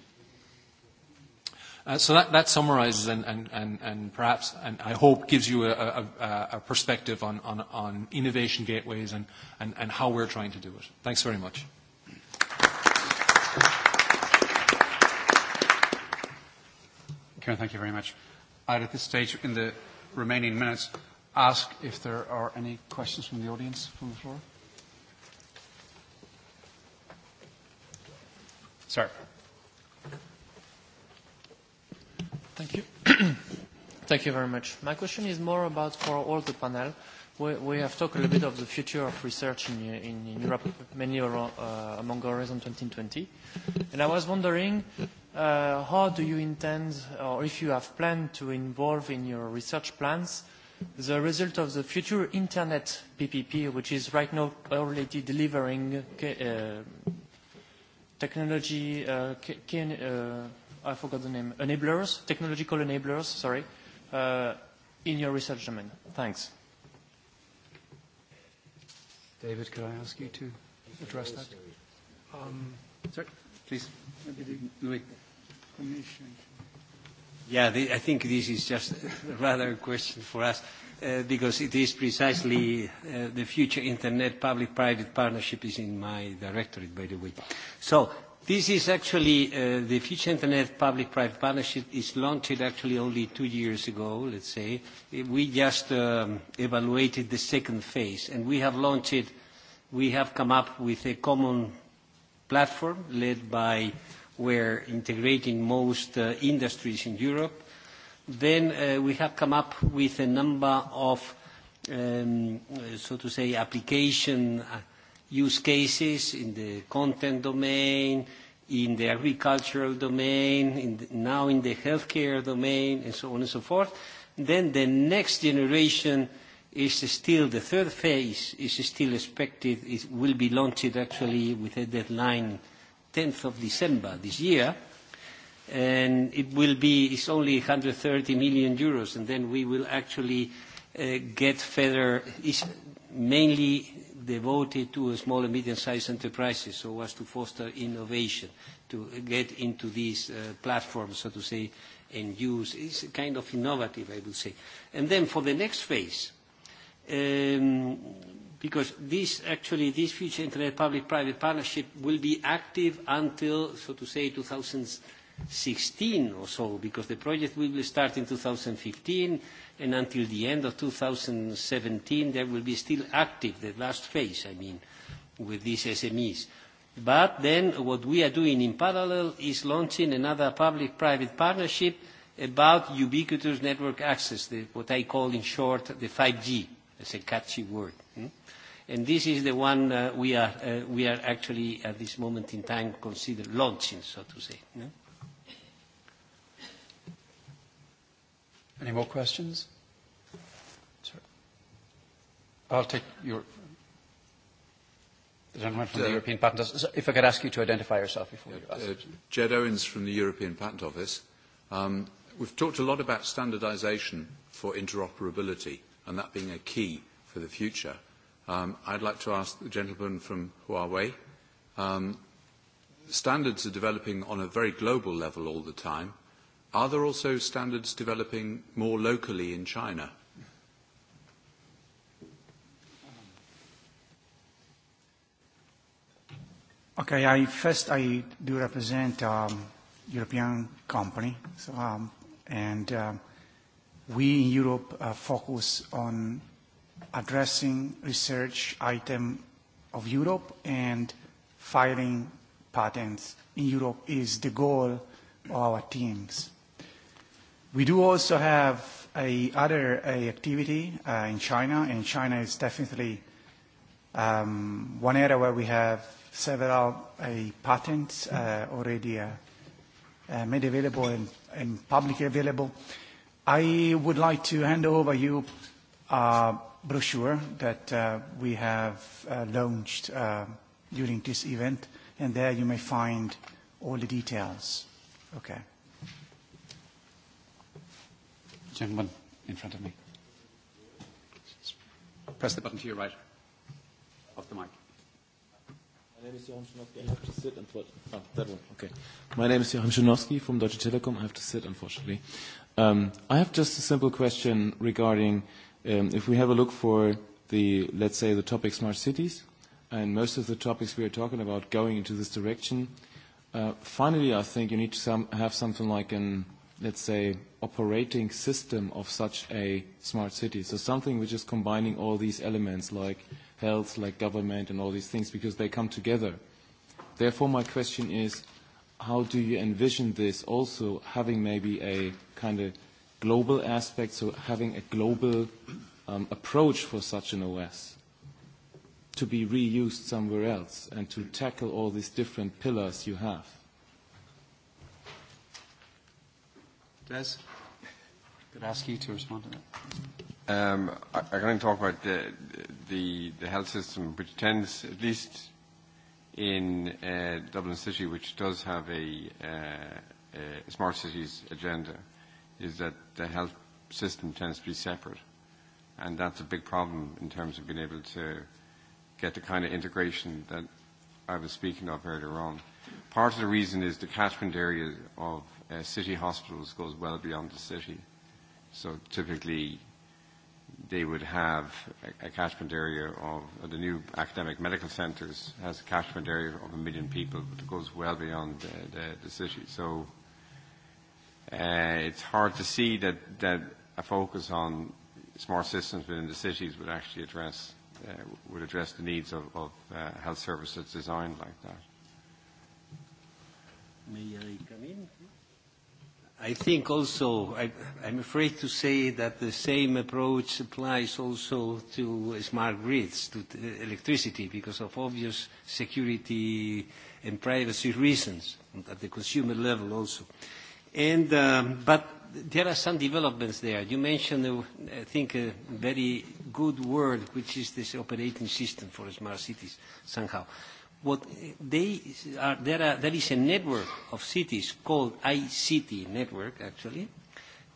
Uh, so that, that summarizes and, and, and, and perhaps, and I hope, gives you a, a, a perspective on, on, on innovation gateways and, and, and how we're trying to do it. Thanks very much. Karen, thank you very much. I'd at this stage, in the remaining minutes, ask if there are any questions from the audience from the floor. Sir. Thank you. Thank you very much. My question is more about for all the panel. We, we have talked a little bit of the future of research in, in, in Europe, mainly around, uh, among Horizon 2020. And I was wondering, uh, how do you intend, or if you have planned to involve in your research plans, the result of the future internet PPP, which is right now already delivering uh, technology, uh, can, uh, i forgot the name, enablers, technological enablers, sorry, uh, in your research domain? Thanks. David, could I ask you to address that? Um, sorry, please. Louis. Commission. Yeah, the, I think this is just rather a question for us, uh, because it is precisely uh, the future internet public-private partnership is in my directorate, by the way. So This is actually, uh, the Future Internet Public-Private Partnership is launched actually only two years ago, let's say. We just um, evaluated the second phase, and we have launched it. We have come up with a common platform led by where integrating most uh, industries in Europe. Then uh, we have come up with a number of, um, so to say, application uh, use cases in the content domain, in the agricultural domain, in the, now in the healthcare domain, and so on and so forth. Then the next generation is still, the third phase is still expected, it will be launched actually with a deadline 10th of December this year. And it will be, it's only 130 million euros, and then we will actually uh, get further, it's mainly devoted to small and medium-sized enterprises so as to foster innovation, to get into these uh, platforms, so to say, and use. It's kind of innovative, I would say. And then for the next phase, um, because this actually, this future internet public-private partnership will be active until, so to say, 2016 2016 or so, because the project will start in 2015, and until the end of 2017, there will be still active, the last phase, I mean, with these SMEs. But then what we are doing in parallel is launching another public-private partnership about ubiquitous network access, the, what I call in short the 5G. It's a catchy word. Hmm? And this is the one uh, we, are, uh, we are actually at this moment in time consider launching, so to say. Hmm? Any more questions? I'll take your. The gentleman from uh, the European Patent Office. If I could ask you to identify yourself before yeah, you ask. Uh, uh, Jed Owens from the European Patent Office. Um, we've talked a lot about standardisation for interoperability and that being a key for the future. Um, I'd like to ask the gentleman from Huawei. Um, standards are developing on a very global level all the time Are there also standards developing more locally in China? Okay, I first I do represent um, European company, so, um, and uh, we in Europe uh, focus on addressing research item of Europe and filing patents in Europe is the goal of our teams. We do also have a other activity uh, in China, and China is definitely um, one area where we have several patents uh, already uh, made available and, publicly available. I would like to hand over you a brochure that we have launched during this event, and there you may find all the details. Okay. Gentleman in front of me. Press the button to your right of the mic. My name is Johan Szynovsky. I have to sit, unfortunately. Oh, ah, that one. Okay. My name is Johan Szynovsky from Deutsche Telekom. I have to sit, unfortunately. Um, I have just a simple question regarding um, if we have a look for the, let's say, the topic smart cities, and most of the topics we are talking about going into this direction. Uh, finally, I think you need to some, have something like an let's say, operating system of such a smart city. So something which is combining all these elements like health, like government and all these things because they come together. Therefore, my question is, how do you envision this also having maybe a kind of global aspect, so having a global um, approach for such an OS to be reused somewhere else and to tackle all these different pillars you have? Des, could I ask you to respond to that. Um, I, I can only talk about the, the, the health system, which tends, at least in uh, Dublin City, which does have a, uh, a smart cities agenda, is that the health system tends to be separate. And that's a big problem in terms of being able to get the kind of integration that I was speaking of earlier on. Part of the reason is the catchment area of Uh, city hospitals goes well beyond the city. So typically, they would have a, a catchment area of the new academic medical centres has a catchment area of a million people, but it goes well beyond the, the, the city. So uh, it's hard to see that, that a focus on smart systems within the cities would actually address uh, would address the needs of, of uh, health services designed like that. May I come in? I think also, I, I'm afraid to say that the same approach applies also to smart grids, to electricity, because of obvious security and privacy reasons at the consumer level also. And, um, but there are some developments there. You mentioned, uh, I think, a very good word, which is this operating system for smart cities somehow what they are, there, are, there is a network of cities called ICT network, actually,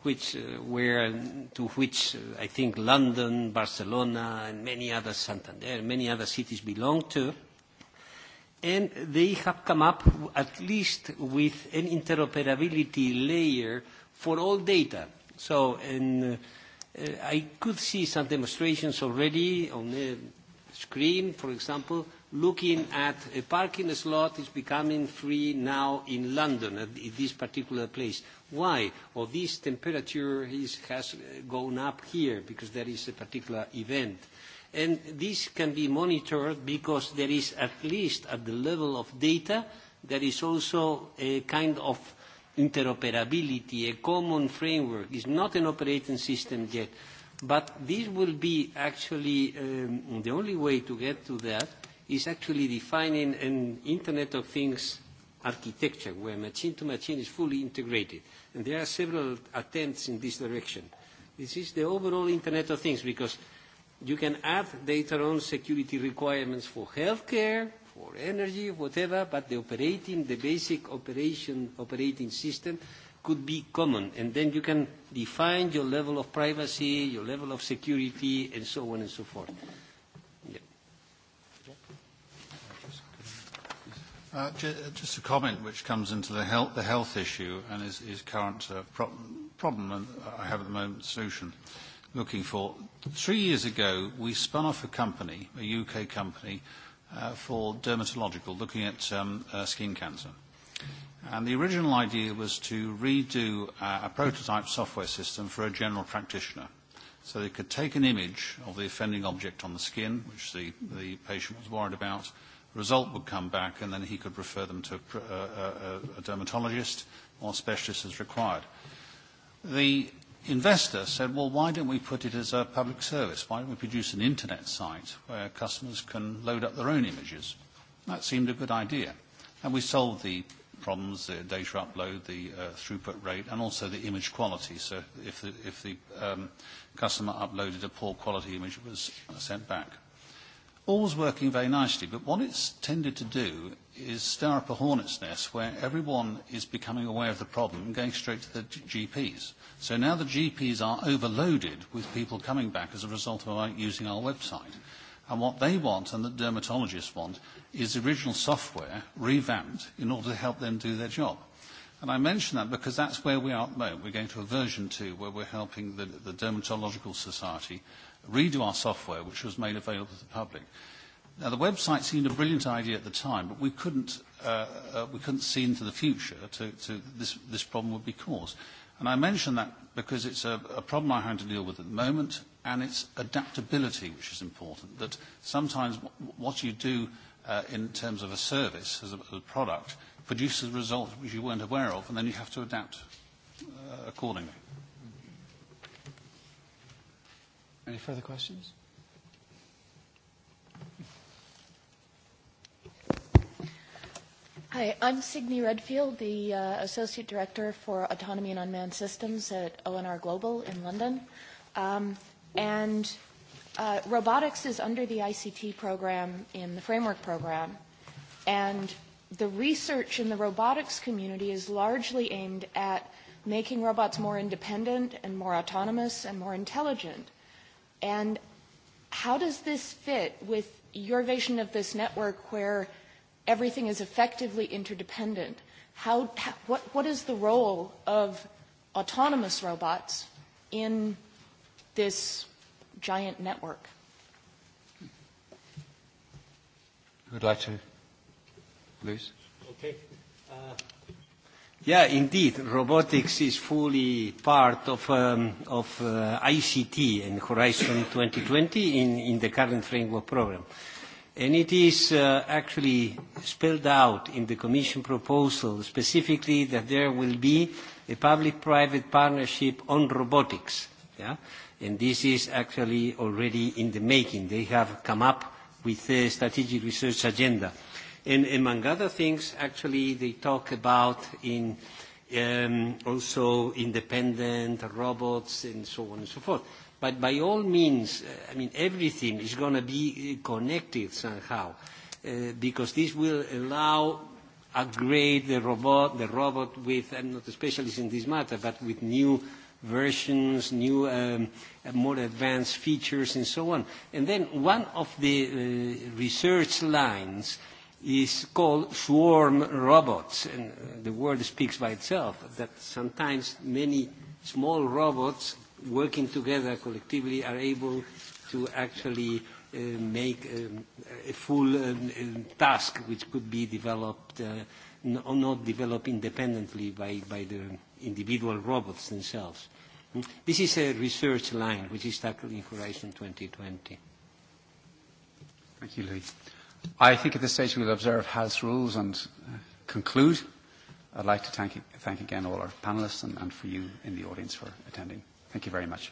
which, uh, where, to which uh, I think London, Barcelona, and many other Santander, many other cities belong to. And they have come up at least with an interoperability layer for all data. So, and uh, I could see some demonstrations already on the screen, for example, looking at a parking slot is becoming free now in London, at this particular place. Why? Well, this temperature is, has uh, gone up here because there is a particular event. And this can be monitored because there is, at least at the level of data, there is also a kind of interoperability, a common framework. It's not an operating system yet. But this will be actually um, the only way to get to that is actually defining an Internet of Things architecture where machine-to-machine is fully integrated. And there are several attempts in this direction. This is the overall Internet of Things because you can add data on security requirements for healthcare, for energy, whatever, but the operating, the basic operation, operating system could be common. And then you can define your level of privacy, your level of security, and so on and so forth. Uh, just a comment which comes into the health, the health issue and is, is current uh, pro problem and I have at the moment solution looking for. Three years ago, we spun off a company, a U.K. company, uh, for dermatological, looking at um, uh, skin cancer. And the original idea was to redo uh, a prototype software system for a general practitioner. So they could take an image of the offending object on the skin, which the, the patient was worried about, result would come back, and then he could refer them to a, a, uh, uh, uh, a dermatologist or specialist as required. The investor said, well, why don't we put it as a public service? Why don't we produce an internet site where customers can load up their own images? That seemed a good idea. And we solved the problems, the data upload, the uh, throughput rate, and also the image quality. So if the, if the um, customer uploaded a poor quality image, it was sent back was working very nicely, but what it's tended to do is stir up a hornet's nest where everyone is becoming aware of the problem and going straight to the GPs. So now the GPs are overloaded with people coming back as a result of using our website. And what they want and the dermatologists want is original software revamped in order to help them do their job. And I mention that because that's where we are at the moment. We're going to a version two where we're helping the, the Dermatological Society redo our software, which was made available to the public. Now, the website seemed a brilliant idea at the time, but we couldn't, uh, uh, we couldn't see into the future to, to this, this problem would be caused. And I mention that because it's a, a problem I have to deal with at the moment, and it's adaptability, which is important, that sometimes what you do uh, in terms of a service, as a, as a product, produces results which you weren't aware of, and then you have to adapt uh, accordingly. Any further questions? Hi, I'm Signe Redfield, the uh, Associate Director for Autonomy and Unmanned Systems at ONR Global in London. Um, and uh, robotics is under the ICT program in the framework program. And the research in the robotics community is largely aimed at making robots more independent and more autonomous and more intelligent. And how does this fit with your vision of this network where everything is effectively interdependent? How, what, what is the role of autonomous robots in this giant network? Who would like to, Luis? Okay. Uh, Yeah, indeed, robotics is fully part of, um, of uh, ICT and Horizon 2020 in, in the current framework program. And it is uh, actually spelled out in the Commission proposal specifically that there will be a public-private partnership on robotics. Yeah? And this is actually already in the making. They have come up with a strategic research agenda And among other things, actually, they talk about in um, also independent robots and so on and so forth. But by all means, uh, I mean, everything is going to be uh, connected somehow, uh, because this will allow upgrade the robot, the robot with, I'm not a specialist in this matter, but with new versions, new um, more advanced features and so on. And then one of the uh, research lines uh, is called swarm robots, and uh, the word speaks by itself, that sometimes many small robots working together collectively are able to actually uh, make um, a full um, um task which could be developed, uh, no, not developed independently by, by the individual robots themselves. Hmm? This is a research line which is tackled in Horizon 2020. Thank you, Louis. I think at this stage we'll observe House rules and uh, conclude. I'd like to thank, thank again all our panelists and, and for you in the audience for attending. Thank you very much.